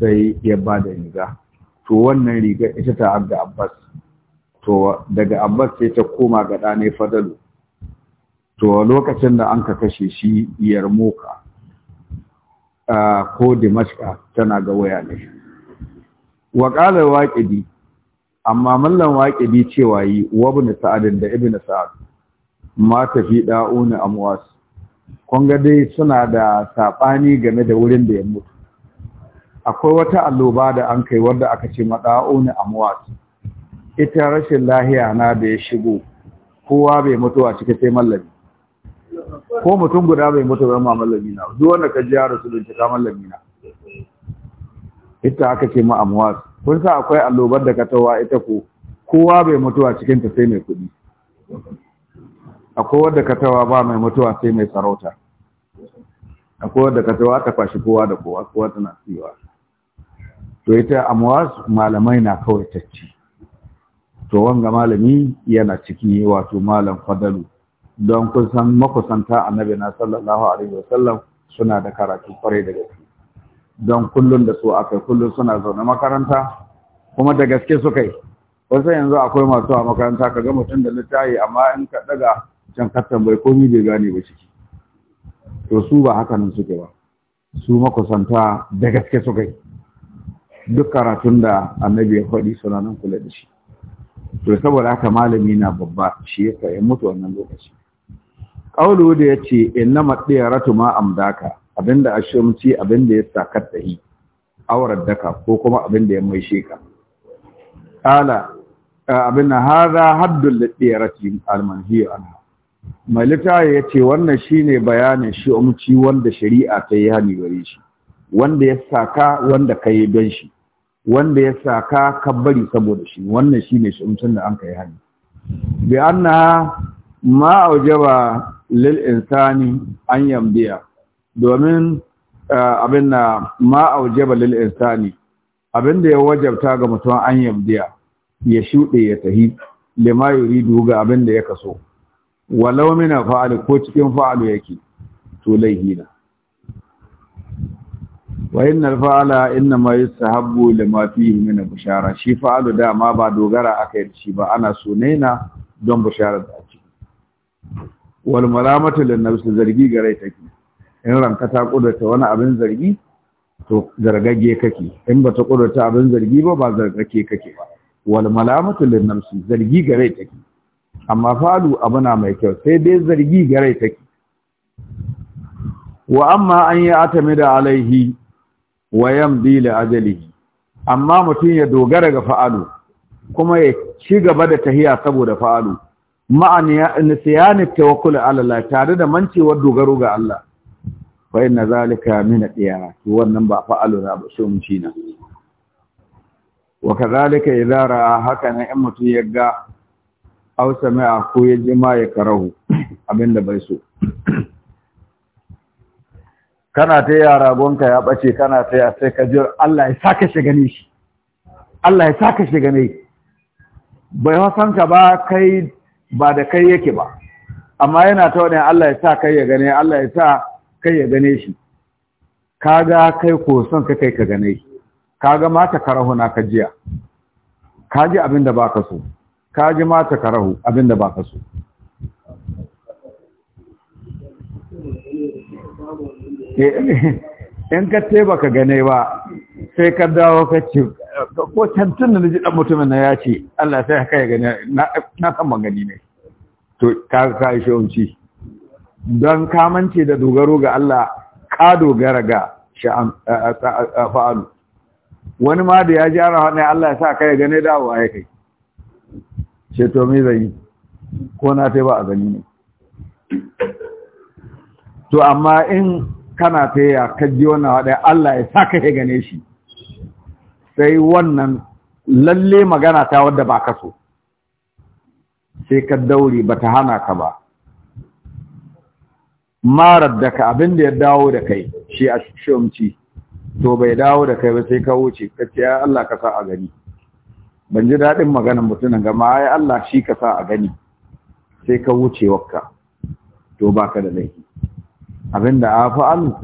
sai ya ba da riga to wannan riga ita ta abda abbas to daga abbas sai ta koma ga ɗane fadalu to lokacin da an ka kashe shi moka ko dimashka tana ga waya ne wa ƙalar waƙidi amma mallan waƙidi cewa yi wabin sa'adin da ibn sa'ad ma tafi ɗa'uni amwas kunga dai suna da saɓani game da wurin da ya mutu akwai wata alloba da an kai wadda aka ce maɗa'uni amwat ita rashin lahiya na da ya shigo kowa bai mutu a cikin sai mallami ko mutum guda bai mutu ba ma mallami na duk wanda ka jiya ya don ta mallami na ita aka ce ma amwat kun sa akwai allobar da ka tawa ita ko kowa bai mutu a cikin ta sai mai kuɗi akwai wadda ka tawa ba mai mutuwa sai mai sarauta akwai wadda ka tawa ta kwashi kowa da kowa kowa tana siwa to ita amwas malamai na kawai tacci to wanga malami yana ciki wato malam fadalu don kun san makusanta annabi na sallallahu alaihi wasallam suna da karatu kwarai da gaske don kullun da su aka kullun suna zaune makaranta kuma da gaske suka yi wasu yanzu akwai masu a makaranta ka ga mutum da littafi amma in ka daga can kattan bai komi bai gane ba ciki to su ba haka nan suke ba su makusanta da gaske suka yi duk karatun da annabi ya faɗi suna nan kula da shi to saboda haka malami na babba shi ya mutu wannan lokaci ƙaulu da ya ce inna maɗiya ratu ma amdaka abinda ashirci abinda ya sakar da yi daka ko kuma abinda ya mai sheka ƙala abinda haza haddun da ɗiya ratu almanhiyar mai ya ce wannan shine bayanin shi umci wanda shari'a ta yi hani gare shi wanda ya saka wanda ka yi don shi wanda ya saka ka bari saboda shi wannan shine shi umcin da an ka yi hani bi anna ma aujaba lil insani an yambiya domin eh, abin na ma aujaba lil insani abin da ya wajabta ga mutum an yambiya ya shuɗe ya tahi lima yuridu ga abin da ya kaso walau mina fa'al ko cikin fa'alu yake to laihi na wa innal fa'ala ma yustahabbu lima fihi min bushara shi fa'alu da ma ba dogara akai shi ba ana so ne na don bushara da ake wal malamatu lin nafs zargi gare take in ranka ta kudurta wani abin zargi to zargage kake in ba ta kudurta abin zargi ba ba zargake kake ba wal malamatu lin nafs zargi gare take amma falu abu na mai kyau sai dai zargi rai take wa amma an yi atami da alaihi wa yamdi li ajalihi amma mutum ya dogara ga fa'alu kuma ya ci gaba da tahiya saboda fa'alu in siyani tawakkul ala Allah tare da mancewar dogaro ga Allah fa inna zalika min adiya to wannan ba fa'alu na ba shi mun cina wa kazalika idara haka na in mutum ya ga aw sami'a ko ya ji ma ya karahu abinda bai so kana ta yara gonka ya bace kana ta ya sai ka ji Allah ya saka shi gane shi Allah ya saka shi gane bai san ka ba kai ba da kai yake ba amma yana ta wani Allah ya sa kai ya gane Allah ya sa kai ya gane shi kaga kai ko son ka kai ka gane shi kaga mata karahuna ka jiya kaji abin da baka so ka ji mata ka karahu abinda ba ka so eh, in ka ce ba ka gane ba sai ka dawo ka ce ko cantun da na ji ɗan mutumin na ya ce Allah sai haka ya gani na san ban gani ne to ka ka yi shawanci don kamance da dogaro ga Allah ka dogara ga Sha'an fa'alu wani ma da ya ji ana hannun Allah ya sa ka ya gane dawo a yake kai ce to me zai ko na ta ba a gani ne to amma in kana ta yi a kaji wannan waɗai Allah ya sa ka ya gane shi sai wannan lalle magana ta wadda ba ka so sai ka daure ba ta hana ka ba marar da ka abin da ya dawo da kai shi a shumci to bai dawo da kai ba sai ka wuce ka ce ya Allah ka sa a gani ban ji daɗin maganar mutumin gama ya Allah shi ka sa a gani sai ka wuce wakka to ba ka da laifi abinda a fa'al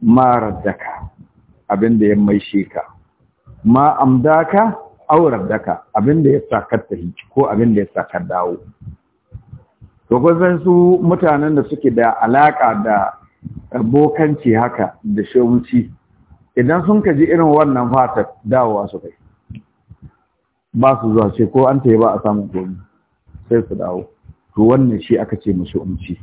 marar daka abinda ya mai sheka ma amdaka aurar daka abinda ya sakar ka hinci ko abinda ya sakar ka dawo to gwazon su mutanen da suke da alaƙa da bokanci haka da shawunci idan sun ka ji irin wannan fatar dawowa su kai ba su zuwa ce ko an ta yi ba a samun komi sai su dawo to wannan shi aka ce musu umci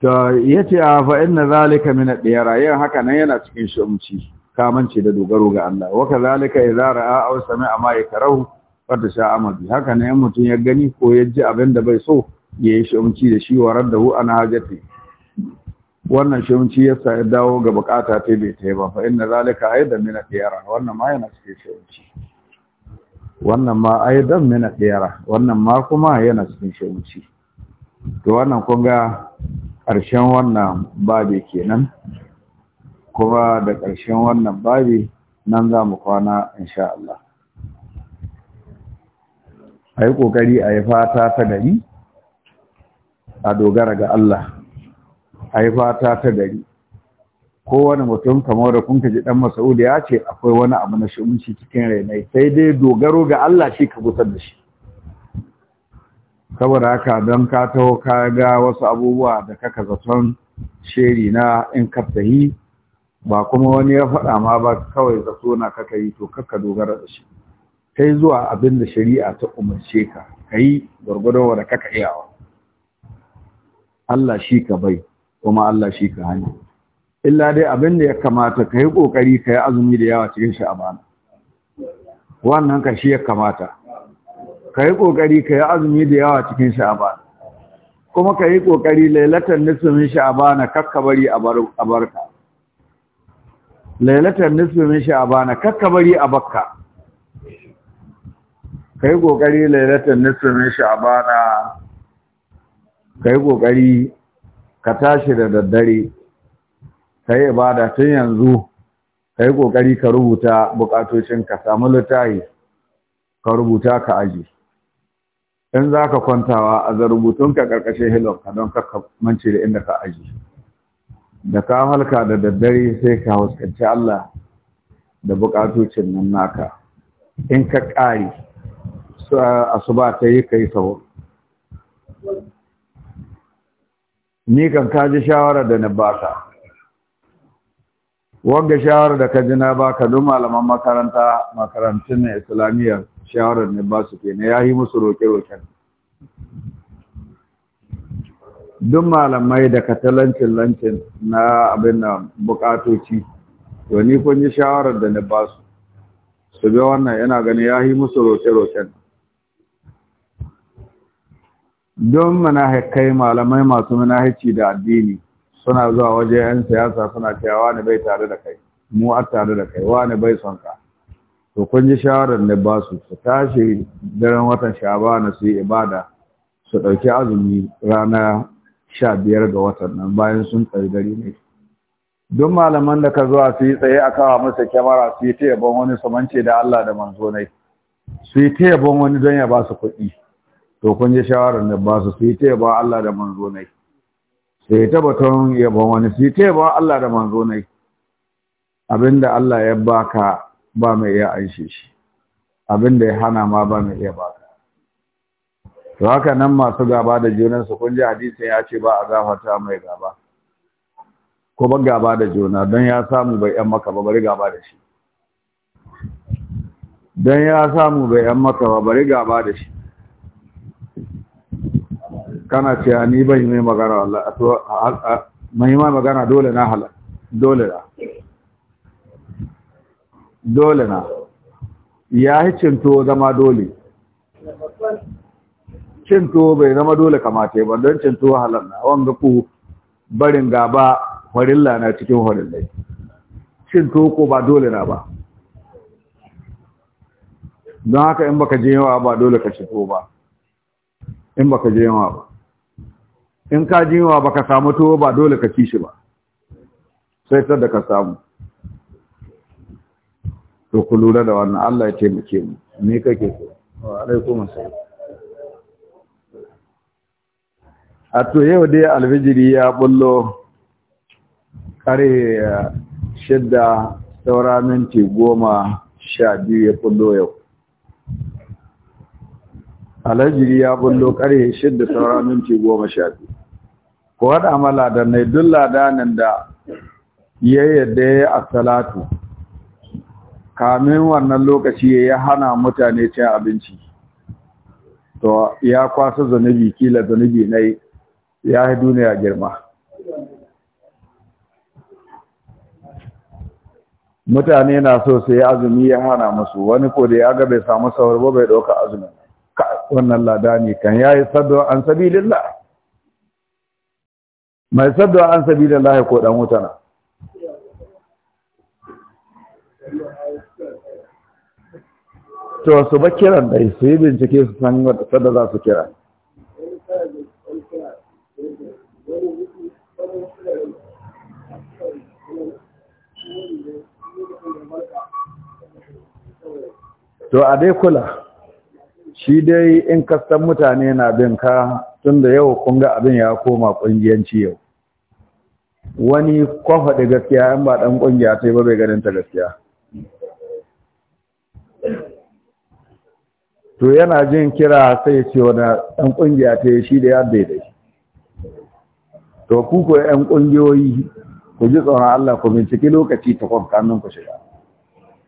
ta yace a fa’in na zalika mina ad-diyara yin haka nan yana cikin shi umci kamanci da dogaro ga Allah wa zalika idza ra'a a sami'a ma yakrahu wata sha amadi haka nan mutum ya gani ko ya ji abin da bai so ya yi shi umci da shi warar da hu ana hajati wannan shehunci yasa ya dawo ga bukata ta bai ta ba fa inna zalika yi da mina qiyara wannan ma yana cikin shehunci wannan ma a yi don mina qiyara wannan ma kuma yana cikin shehunci to wannan kunga ƙarshen wannan babi kenan kuma da ƙarshen wannan babi nan za mu kwana insha Allah a yi ƙoƙari a yi fata ta gari a dogara ga Allah haifa ta ta gari kowane mutum kamar da kun ji dan Mas'ud ya ce akwai wani abu na shumci cikin rainai sai dai dogaro ga Allah shi ka gusar da shi saboda haka don ka taho ka ga wasu abubuwa da kaka zaton sheri na in kaftahi ba kuma wani ya faɗa ma ba kawai zato na kaka yi to kaka dogara da shi kai zuwa abin da shari'a ta umarce ka ka yi gwargwadon da kaka iyawa Allah shi ka bai kuma Allah shi ka hanyar. illa dai abin da ya kamata ka yi ƙoƙari ka yi azumi da yawa cikin bana. wannan ka shi ya kamata ka yi ƙoƙari ka yi azumi da yawa cikin bana. kuma ka yi ƙoƙari lailatan nisfin a bana bari a barka lailatar nisfin sha'abana bana bari a bakka yi ƙoƙari lailatar nisfin sha'abana yi ƙoƙari. ka tashi da daddare ka yi ibada tun yanzu ka yi ƙoƙari ka rubuta buƙatocin ka samu littafi ka rubuta ka aji in za ka kwantawa a ka ƙarƙashin ka don ka mance da inda ka aji da ka halka da daddare sai ka huskanci Allah da buƙatocin nan naka in ka ƙari asuba ta yi ka yi sahur ni kan ji shawara da na baka wanga shawara da ka ji na baka don malaman makaranta makarantun na islamiyya shawarar ne ba su ke na ya yi musu roƙe-roƙen duk malamai da katalancin lancin na abin da bukatoci to ni kun yi shawarar da na ba su su bi wannan yana gani ya yi musu roƙe-roƙen don munafikai malamai masu munafici da addini suna zuwa waje yan siyasa suna cewa wani bai tare da kai mu a tare da kai wani bai son ka to kun ji shawarar ne ba su su tashi daren watan shabana su yi ibada su ɗauki azumi rana sha biyar ga watan nan bayan sun tsari gari ne don malaman da ka zuwa su yi tsaye a kawo masa kyamara su yi ta yabon wani su mance da Allah da manzo ne su yi ta yabon wani don ya ba su kuɗi to kun ji shawarar da ba su yi ba Allah da manzo nai sai ta batun yabon wani su yi ba Allah da manzo nai abinda Allah ya baka ba mai iya aishe shi abinda ya hana ma ba mai iya baka to haka nan masu gaba da su kun ji hadisi ya ce ba a gafata mai gaba ko ba gaba da juna don ya samu bai yan maka ba bari gaba da shi don ya samu bai yan maka ba bari gaba da shi kana ce ni ban yi mai magana Allah a to mai ma magana dole na hala dole na dole na ya yi cinto zama dole cinto bai zama dole kamata ba don cinto halar na wanga ku barin gaba farilla na cikin farillai cinto ko ba dole na ba don haka in baka je yawa ba dole ka cinto ba in baka je yawa ba in ka ba baka samu tuwo ba dole ka ci shi ba sai sadda ka samu to ku lura da wannan Allah ya taimake mu me kake so wa alaikum assalam a to yau dai alfijiri ya bullo kare eh, shidda saura minti goma sha biyu ya bullo yau alajiri ya bullo kare shidda saura minti goma sha biyu ko haɗa amala da nai duk ladanin da ya yadda ya yi a salatu kamin wannan lokaci ya hana mutane cin abinci to ya kwasa zunubi kila zunubi na ya yi duniya girma mutane na so su yi azumi ya hana musu wani ko da ya ga bai samu sahur ba bai dauka azumi wannan ladani kan ya yi an sabilillah mai saddawa an sabi da lahi ko dan wuta na to su ba kiran dai su yi bincike su san wadda za su kira to a dai kula shi dai in kasan mutane na bin ka tun da yau kun abin ya koma ƙungiyanci yau wani da gaskiya 'yan ba dan kungiya ta ba bai ganin ta gaskiya to yana jin kira sai ce wani ɗan kungiya ta yi shi da ya daidai to ku ko ƙungiyoyi ku ji tsoron Allah ku binciki lokaci ta kwamfanin ku shiga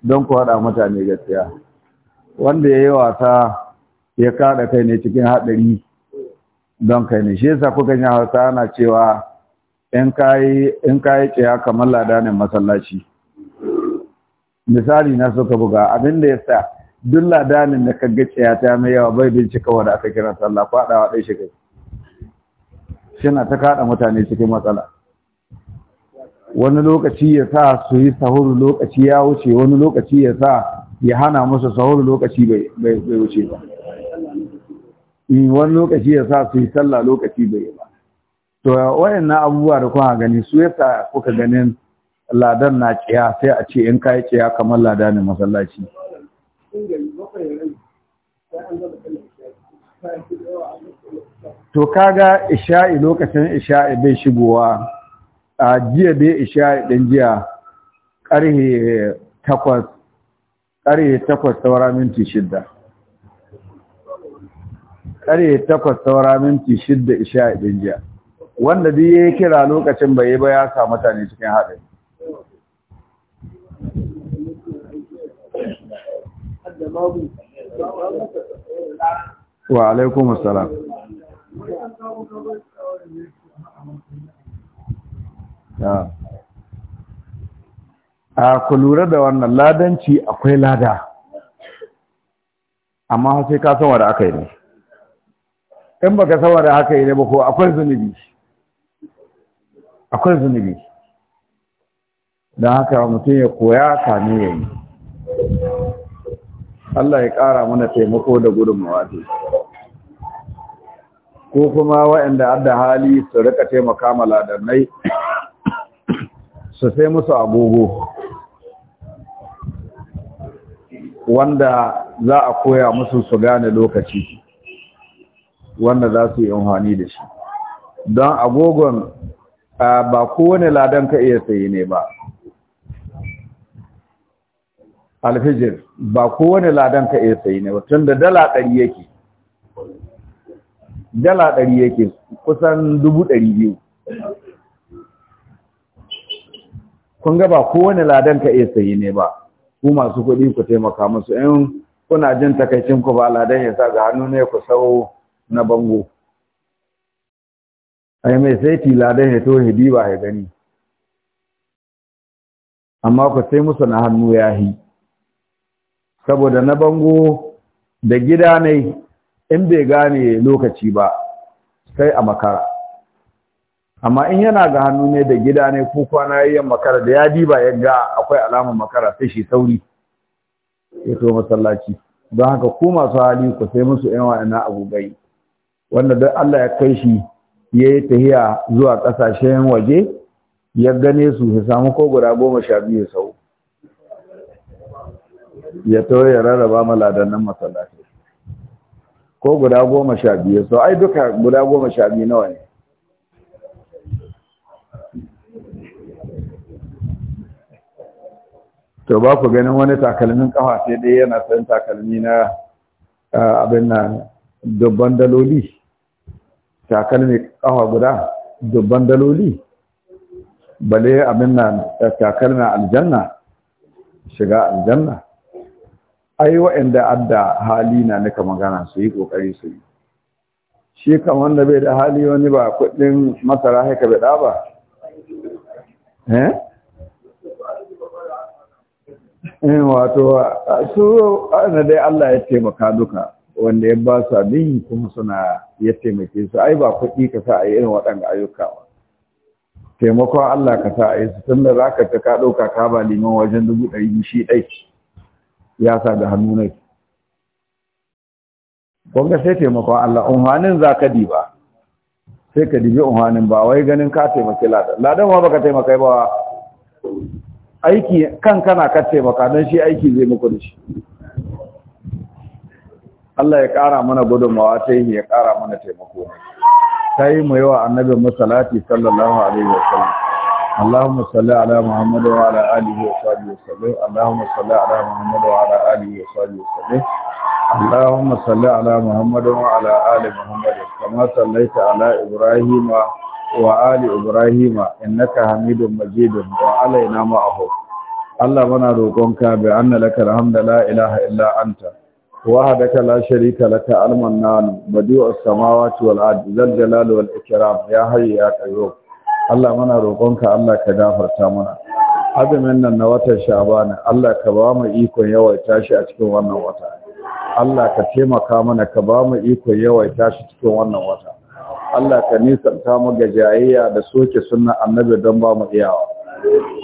don ku haɗa mutane gaskiya wanda ya yi wasa ya kada kai ne cikin haɗari don kai ne shi yasa kuka yi hausa ana cewa in ka yi kayi tsaya kamar ladanin masallaci misali na suka buga abin da sa duk ladanin da kaga tsaya ta mai yawa bai bincika wanda aka kira sallah fadawa dai shi yana ta kada mutane cikin matsala wani lokaci ya sa su yi sahuru lokaci ya wuce wani lokaci ya sa ya hana musu sahuru lokaci bai wuce ba wani lokaci ya sa su yi sallah lokaci bai ba to wayan na abubuwa da kuma gani su yasa kuka ganin ladan na ciya sai a ce in kai ciya kamar lada ne masallaci to kaga isha'i lokacin isha'i bai shigowa a jiya dai isha'i ɗin jiya karhe takwas karhe takwas saura minti shidda karhe takwas saura minti shidda isha'i ɗin jiya wanda duk ya kira lokacin bai ba ya sa mutane cikin haɗari wa alaikum assalam a ku lura da wannan ladanci akwai lada amma sai ka san wa da aka yi ne in baka san wa da aka yi ne ba ko akwai zunubi akwai zunubi don haka mutum ya koya kame ya yi Allah ya ƙara mana taimako da gudunmawa ce ko kuma waɗanda adda hali su rika taimaka ma ladannai su sai musu agogo wanda za a koya musu su gane lokaci wanda za su yi amfani da shi don agogon ba kowane ladan ka iya sayi ne ba alfijir ba kowane ladan ka iya sayi ne ba tun da dala ɗari yake dala ɗari yake kusan dubu ɗari biyu kun ga ba kowane ladan ka iya sayi ne ba ku masu kuɗi ku taimaka musu in kuna jin takaicin ku ba ladan ya sa ga hannu ne ku sau na bango ai mai sai tila dai ya to ba ya gani amma ku sai musu na hannu ya yi saboda na bango da gida ne in bai gane lokaci ba sai a makara amma in yana ga hannu ne da gida ne ko kwana makara da ya diba ya ga akwai alamar makara sai shi sauri ya to masallaci don haka ku masu hali ku sai musu yan wa'ana abubai wanda don Allah ya kai shi ya yi tahiya zuwa ƙasashen waje ya gane su ya samu ko guda goma sha biyu sau ya tawo ya rarraba nan masallaci ko guda goma sha biyu sau ai duka guda goma sha biyu nawa ne to ba ku ganin wani takalmin kafa sai dai yana sayan takalmi na ah, abin na dubban daloli takalmi kafa guda dubban daloli bale abin nan eh, takalmi aljanna shiga aljanna ai inda adda hali na nika magana su yi ƙoƙari su yi shi kan wanda bai da hali wani ba kudin masara haka bai ba eh? eh wato su ana dai Allah ya taimaka duka wanda ya ba su abin kuma suna ya taimake su ai ba kuɗi ka sa a yi irin waɗanda ayyuka ba taimakon Allah ka sa a yi su tun da za ka ta ka ɗauka ka ba liman wajen dubu ɗari biyu shi ɗai ya sa da hannu na kun ga sai taimakon Allah unhanin za ka diba sai ka dibi unhanin ba wai ganin ka taimaki ladan ladan ma baka taimakai ba aiki kan kana ka taimaka don shi aiki zai muku da shi Allah ya ƙara mana gudunmawa ta yi ya ƙara mana taimako ta yi mu yawa annabin masalati sallallahu alaihi wa sallam Allahumma salli ala Muhammad wa ala alihi wa sahbihi wa sallam Allahumma salli ala Muhammad wa ala alihi wa sahbihi wa sallam Allahumma salli ala Muhammad wa ala ali Muhammad kama sallaita ala Ibrahim wa ali Ibrahim innaka Hamidum Majid wa alaina ma'ahu Allah muna roƙonka bi anna lakal hamda la ilaha illa anta وحدك لا شريك لك المنان بديع السماوات والارض ذا الجلال Ya يا حي يا قيوم الله منا روقنك الله كغفرتا منا azumin nan na watan sha'bana Allah ka ba mu ikon yawaita shi a cikin wannan wata Allah ka taimaka mana ka bamu mu ikon yawaita shi cikin wannan wata Allah ka nisanta mu ga jayayya da soke sunna annabi don ba mu iyawa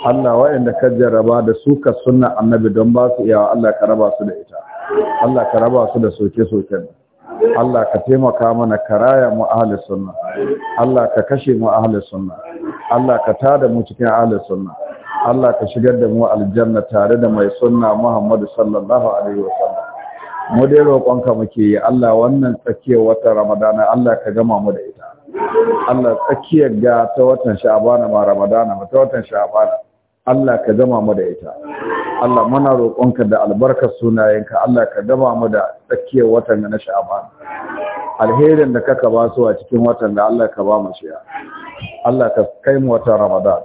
Allah wa'anda ka jarraba da suka sunna annabi don ba su iyawa Allah ka raba su da ita Allah ka raba su da soke-soken Allah ka taimaka mana karaya mu ahli sunna Allah ka kashe mu ahli sunna Allah ka tada mu cikin ahli sunna Allah ka shigar da mu aljanna tare da mai sunna Muhammadu sallallahu alaihi wasallam mu dai roƙonka muke yi Allah wannan tsakiyar watan Ramadana Allah ka gama mu da ita Allah tsakiyar ga ta watan Sha'bana ma Ramadana ma ta watan Sha'bana Allah ka dama mu da ita Allah muna roƙonka da albarkar sunayenka Allah ka dama mu da tsakiyar watan na Sha'ban alherin da kaka ba su a cikin watan da Allah ka ba mu shi Allah ka kai mu watan Ramadan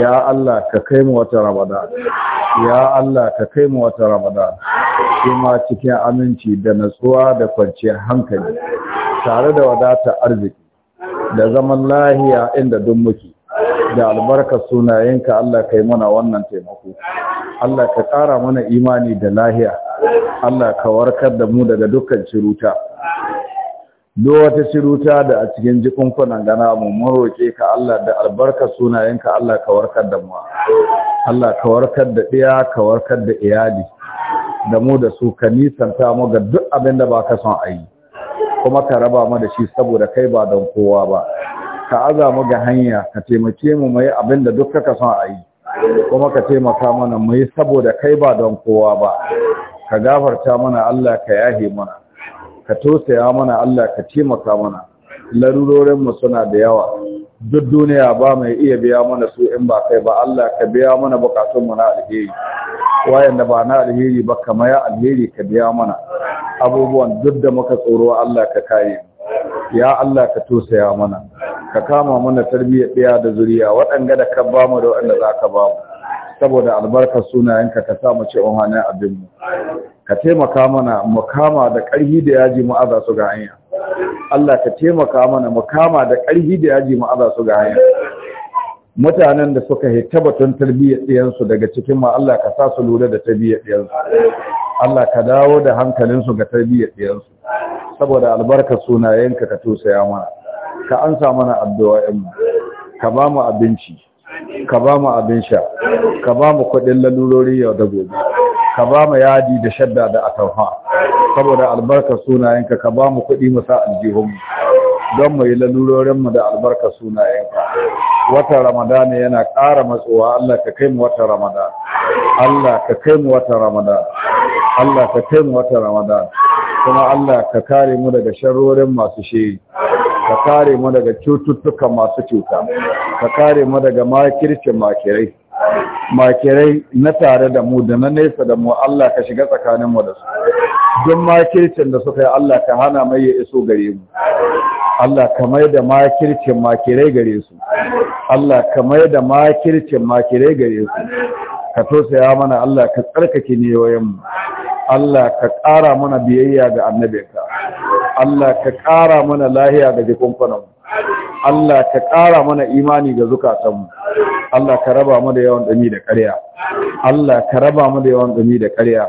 ya Allah ka kai mu watan Ramadan ya Allah ka kai mu watan Ramadan kuma cikin aminci da natsuwa da kwanciyar hankali tare da wadata arziki da zaman lahiya inda duk muke da albarkar sunayenka Allah ka yi mana wannan taimako Allah ka ƙara mana imani da lahiya Allah ka warkar da mu daga dukkan ciruta duk wata ciruta da a cikin jikunkunan gana mu mun roƙe ka Allah da albarkar sunayenka Allah ka warkar da mu Allah ka warkar da ɗiya ka warkar da iyali da mu da su ka nisanta mu ga duk abin da ba ka son a yi kuma ka raba mu da shi saboda kai ba don kowa ba ka aza mu ga hanya ka taimake mu mai abin da duk kaka son a yi kuma ka taimaka mana mu saboda kai ba don kowa ba ka gafarta mana Allah ka yahe mana ka tosaya mana Allah ka taimaka mana larurorin mu suna da yawa duk duniya ba mai iya biya mana su in ba kai ba Allah ka biya mana bukatun mu na alheri wayanda ba na alheri ba kamar alheri ka biya mana abubuwan duk da muka tsoro Allah ka kare mu ya Allah ka tosaya mana ka kama mana tarbiyya ɗaya da zuriya waɗanda da ka ba mu da waɗanda za ka ba mu saboda albarkar sunayenka ka sa mu ce ohanin abinmu ka taimaka mana mu kama da ƙarfi da yaji mu aza su ga hanya Allah ka taimaka mana mu kama da ƙarfi da yaji mu aza su ga hanya mutanen da suka hitta batun tarbiyyar ɗiyansu daga cikin ma Allah ka sa su lura da tarbiyyar ɗiyansu Allah ka dawo da hankalinsu ga tarbiyyar ɗiyarsu saboda albarka sunayenka ka tosaya mana ka ansa mana mu, ka ba mu abinci ka ba mu abin sha ka ba mu kuɗin lalurori yau da gobe ka ba mu yadi da shadda da atamfa saboda albarkar sunayenka ka ba mu kuɗi mu sa aljihunmu don mu yi lalurorinmu da albarkar sunayenka watan ramadana yana ƙara matsowa Allah ka kai mu watan ramadan Allah ka kai mu watan ramadan Allah ka kai mu watan ramadan kuma Allah ka kare mu daga sharrorin masu shiri ka kare mu daga cututtuka masu cuta ka kare mu daga makircin makirai makirai na tare da mu da na nesa da mu Allah ka shiga tsakaninmu da su don makircin da suka yi Allah ka hana mai ya iso gare mu Allah ka mai da makircin makirai gare su Allah ka mai da makircin makirai gare su ka tosaya mana Allah ka tsarkake niyoyin mu Allah ka ƙara mana biyayya ga annabinka Allah ka ƙara mana lahiya ga jikunkunan mu Allah ka ƙara mana imani ga zukatanmu Allah ka raba mu da yawan dumi da ƙarya Allah ka raba mu da yawan dumi da ƙarya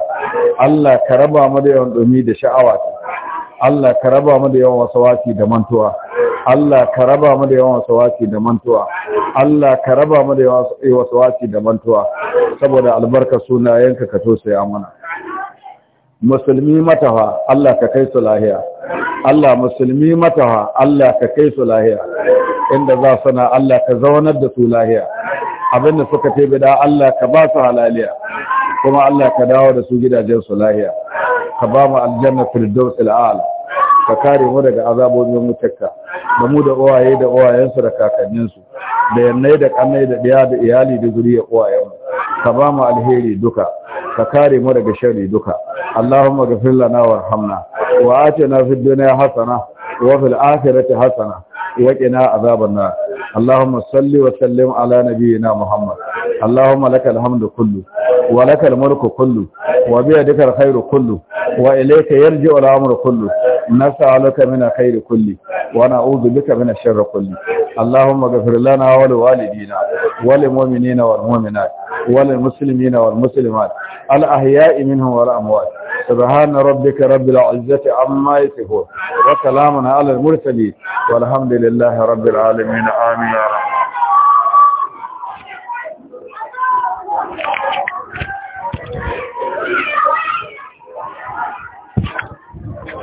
Allah ka raba mu da yawan dumi da sha'awa Allah ka raba mu da yawan wasi da mantuwa Allah ka raba mu da yawan wasi da mantuwa Allah ka raba mu da yawan wasi da mantuwa saboda albarka sunayenka ka tosaya mana musulmi matawa Allah ka kai su lahiya Allah musulmi matawa Allah ka kai su lahiya inda za su na Allah ka zaunar da su lahiya abinda suka tebe da Allah ka ba su halaliya kuma Allah ka dawo da su gidajen su lahiya ka ba mu aljanna firdaus al'ala ka kare mu daga azabobin mutakka da mu da uwaye da uwayensu da kakanninsu da yannai da kannai da diya da iyali da zuriya uwayenmu ka ba mu alheri duka ka kare mu daga sharri duka allahumma ghfir lana warhamna wa atina fid dunya hasana wa fil akhirati hasana wa na azaban nar allahumma salli wa sallim ala nabiyyina muhammad allahumma lakal hamdu kullu wa lakal mulku kullu wa bi yadika alkhairu kullu wa ilayka yarji'u al'amru kullu نسألك من خير كله ونعوذ بك من الشر كله اللهم اغفر لنا ولوالدينا وللمؤمنين والمؤمنات وللمسلمين والمسلمات الأحياء منهم والأموات سبحان ربك رب العزة عما يصفون وسلام على المرسلين والحمد لله رب العالمين آمين يا رب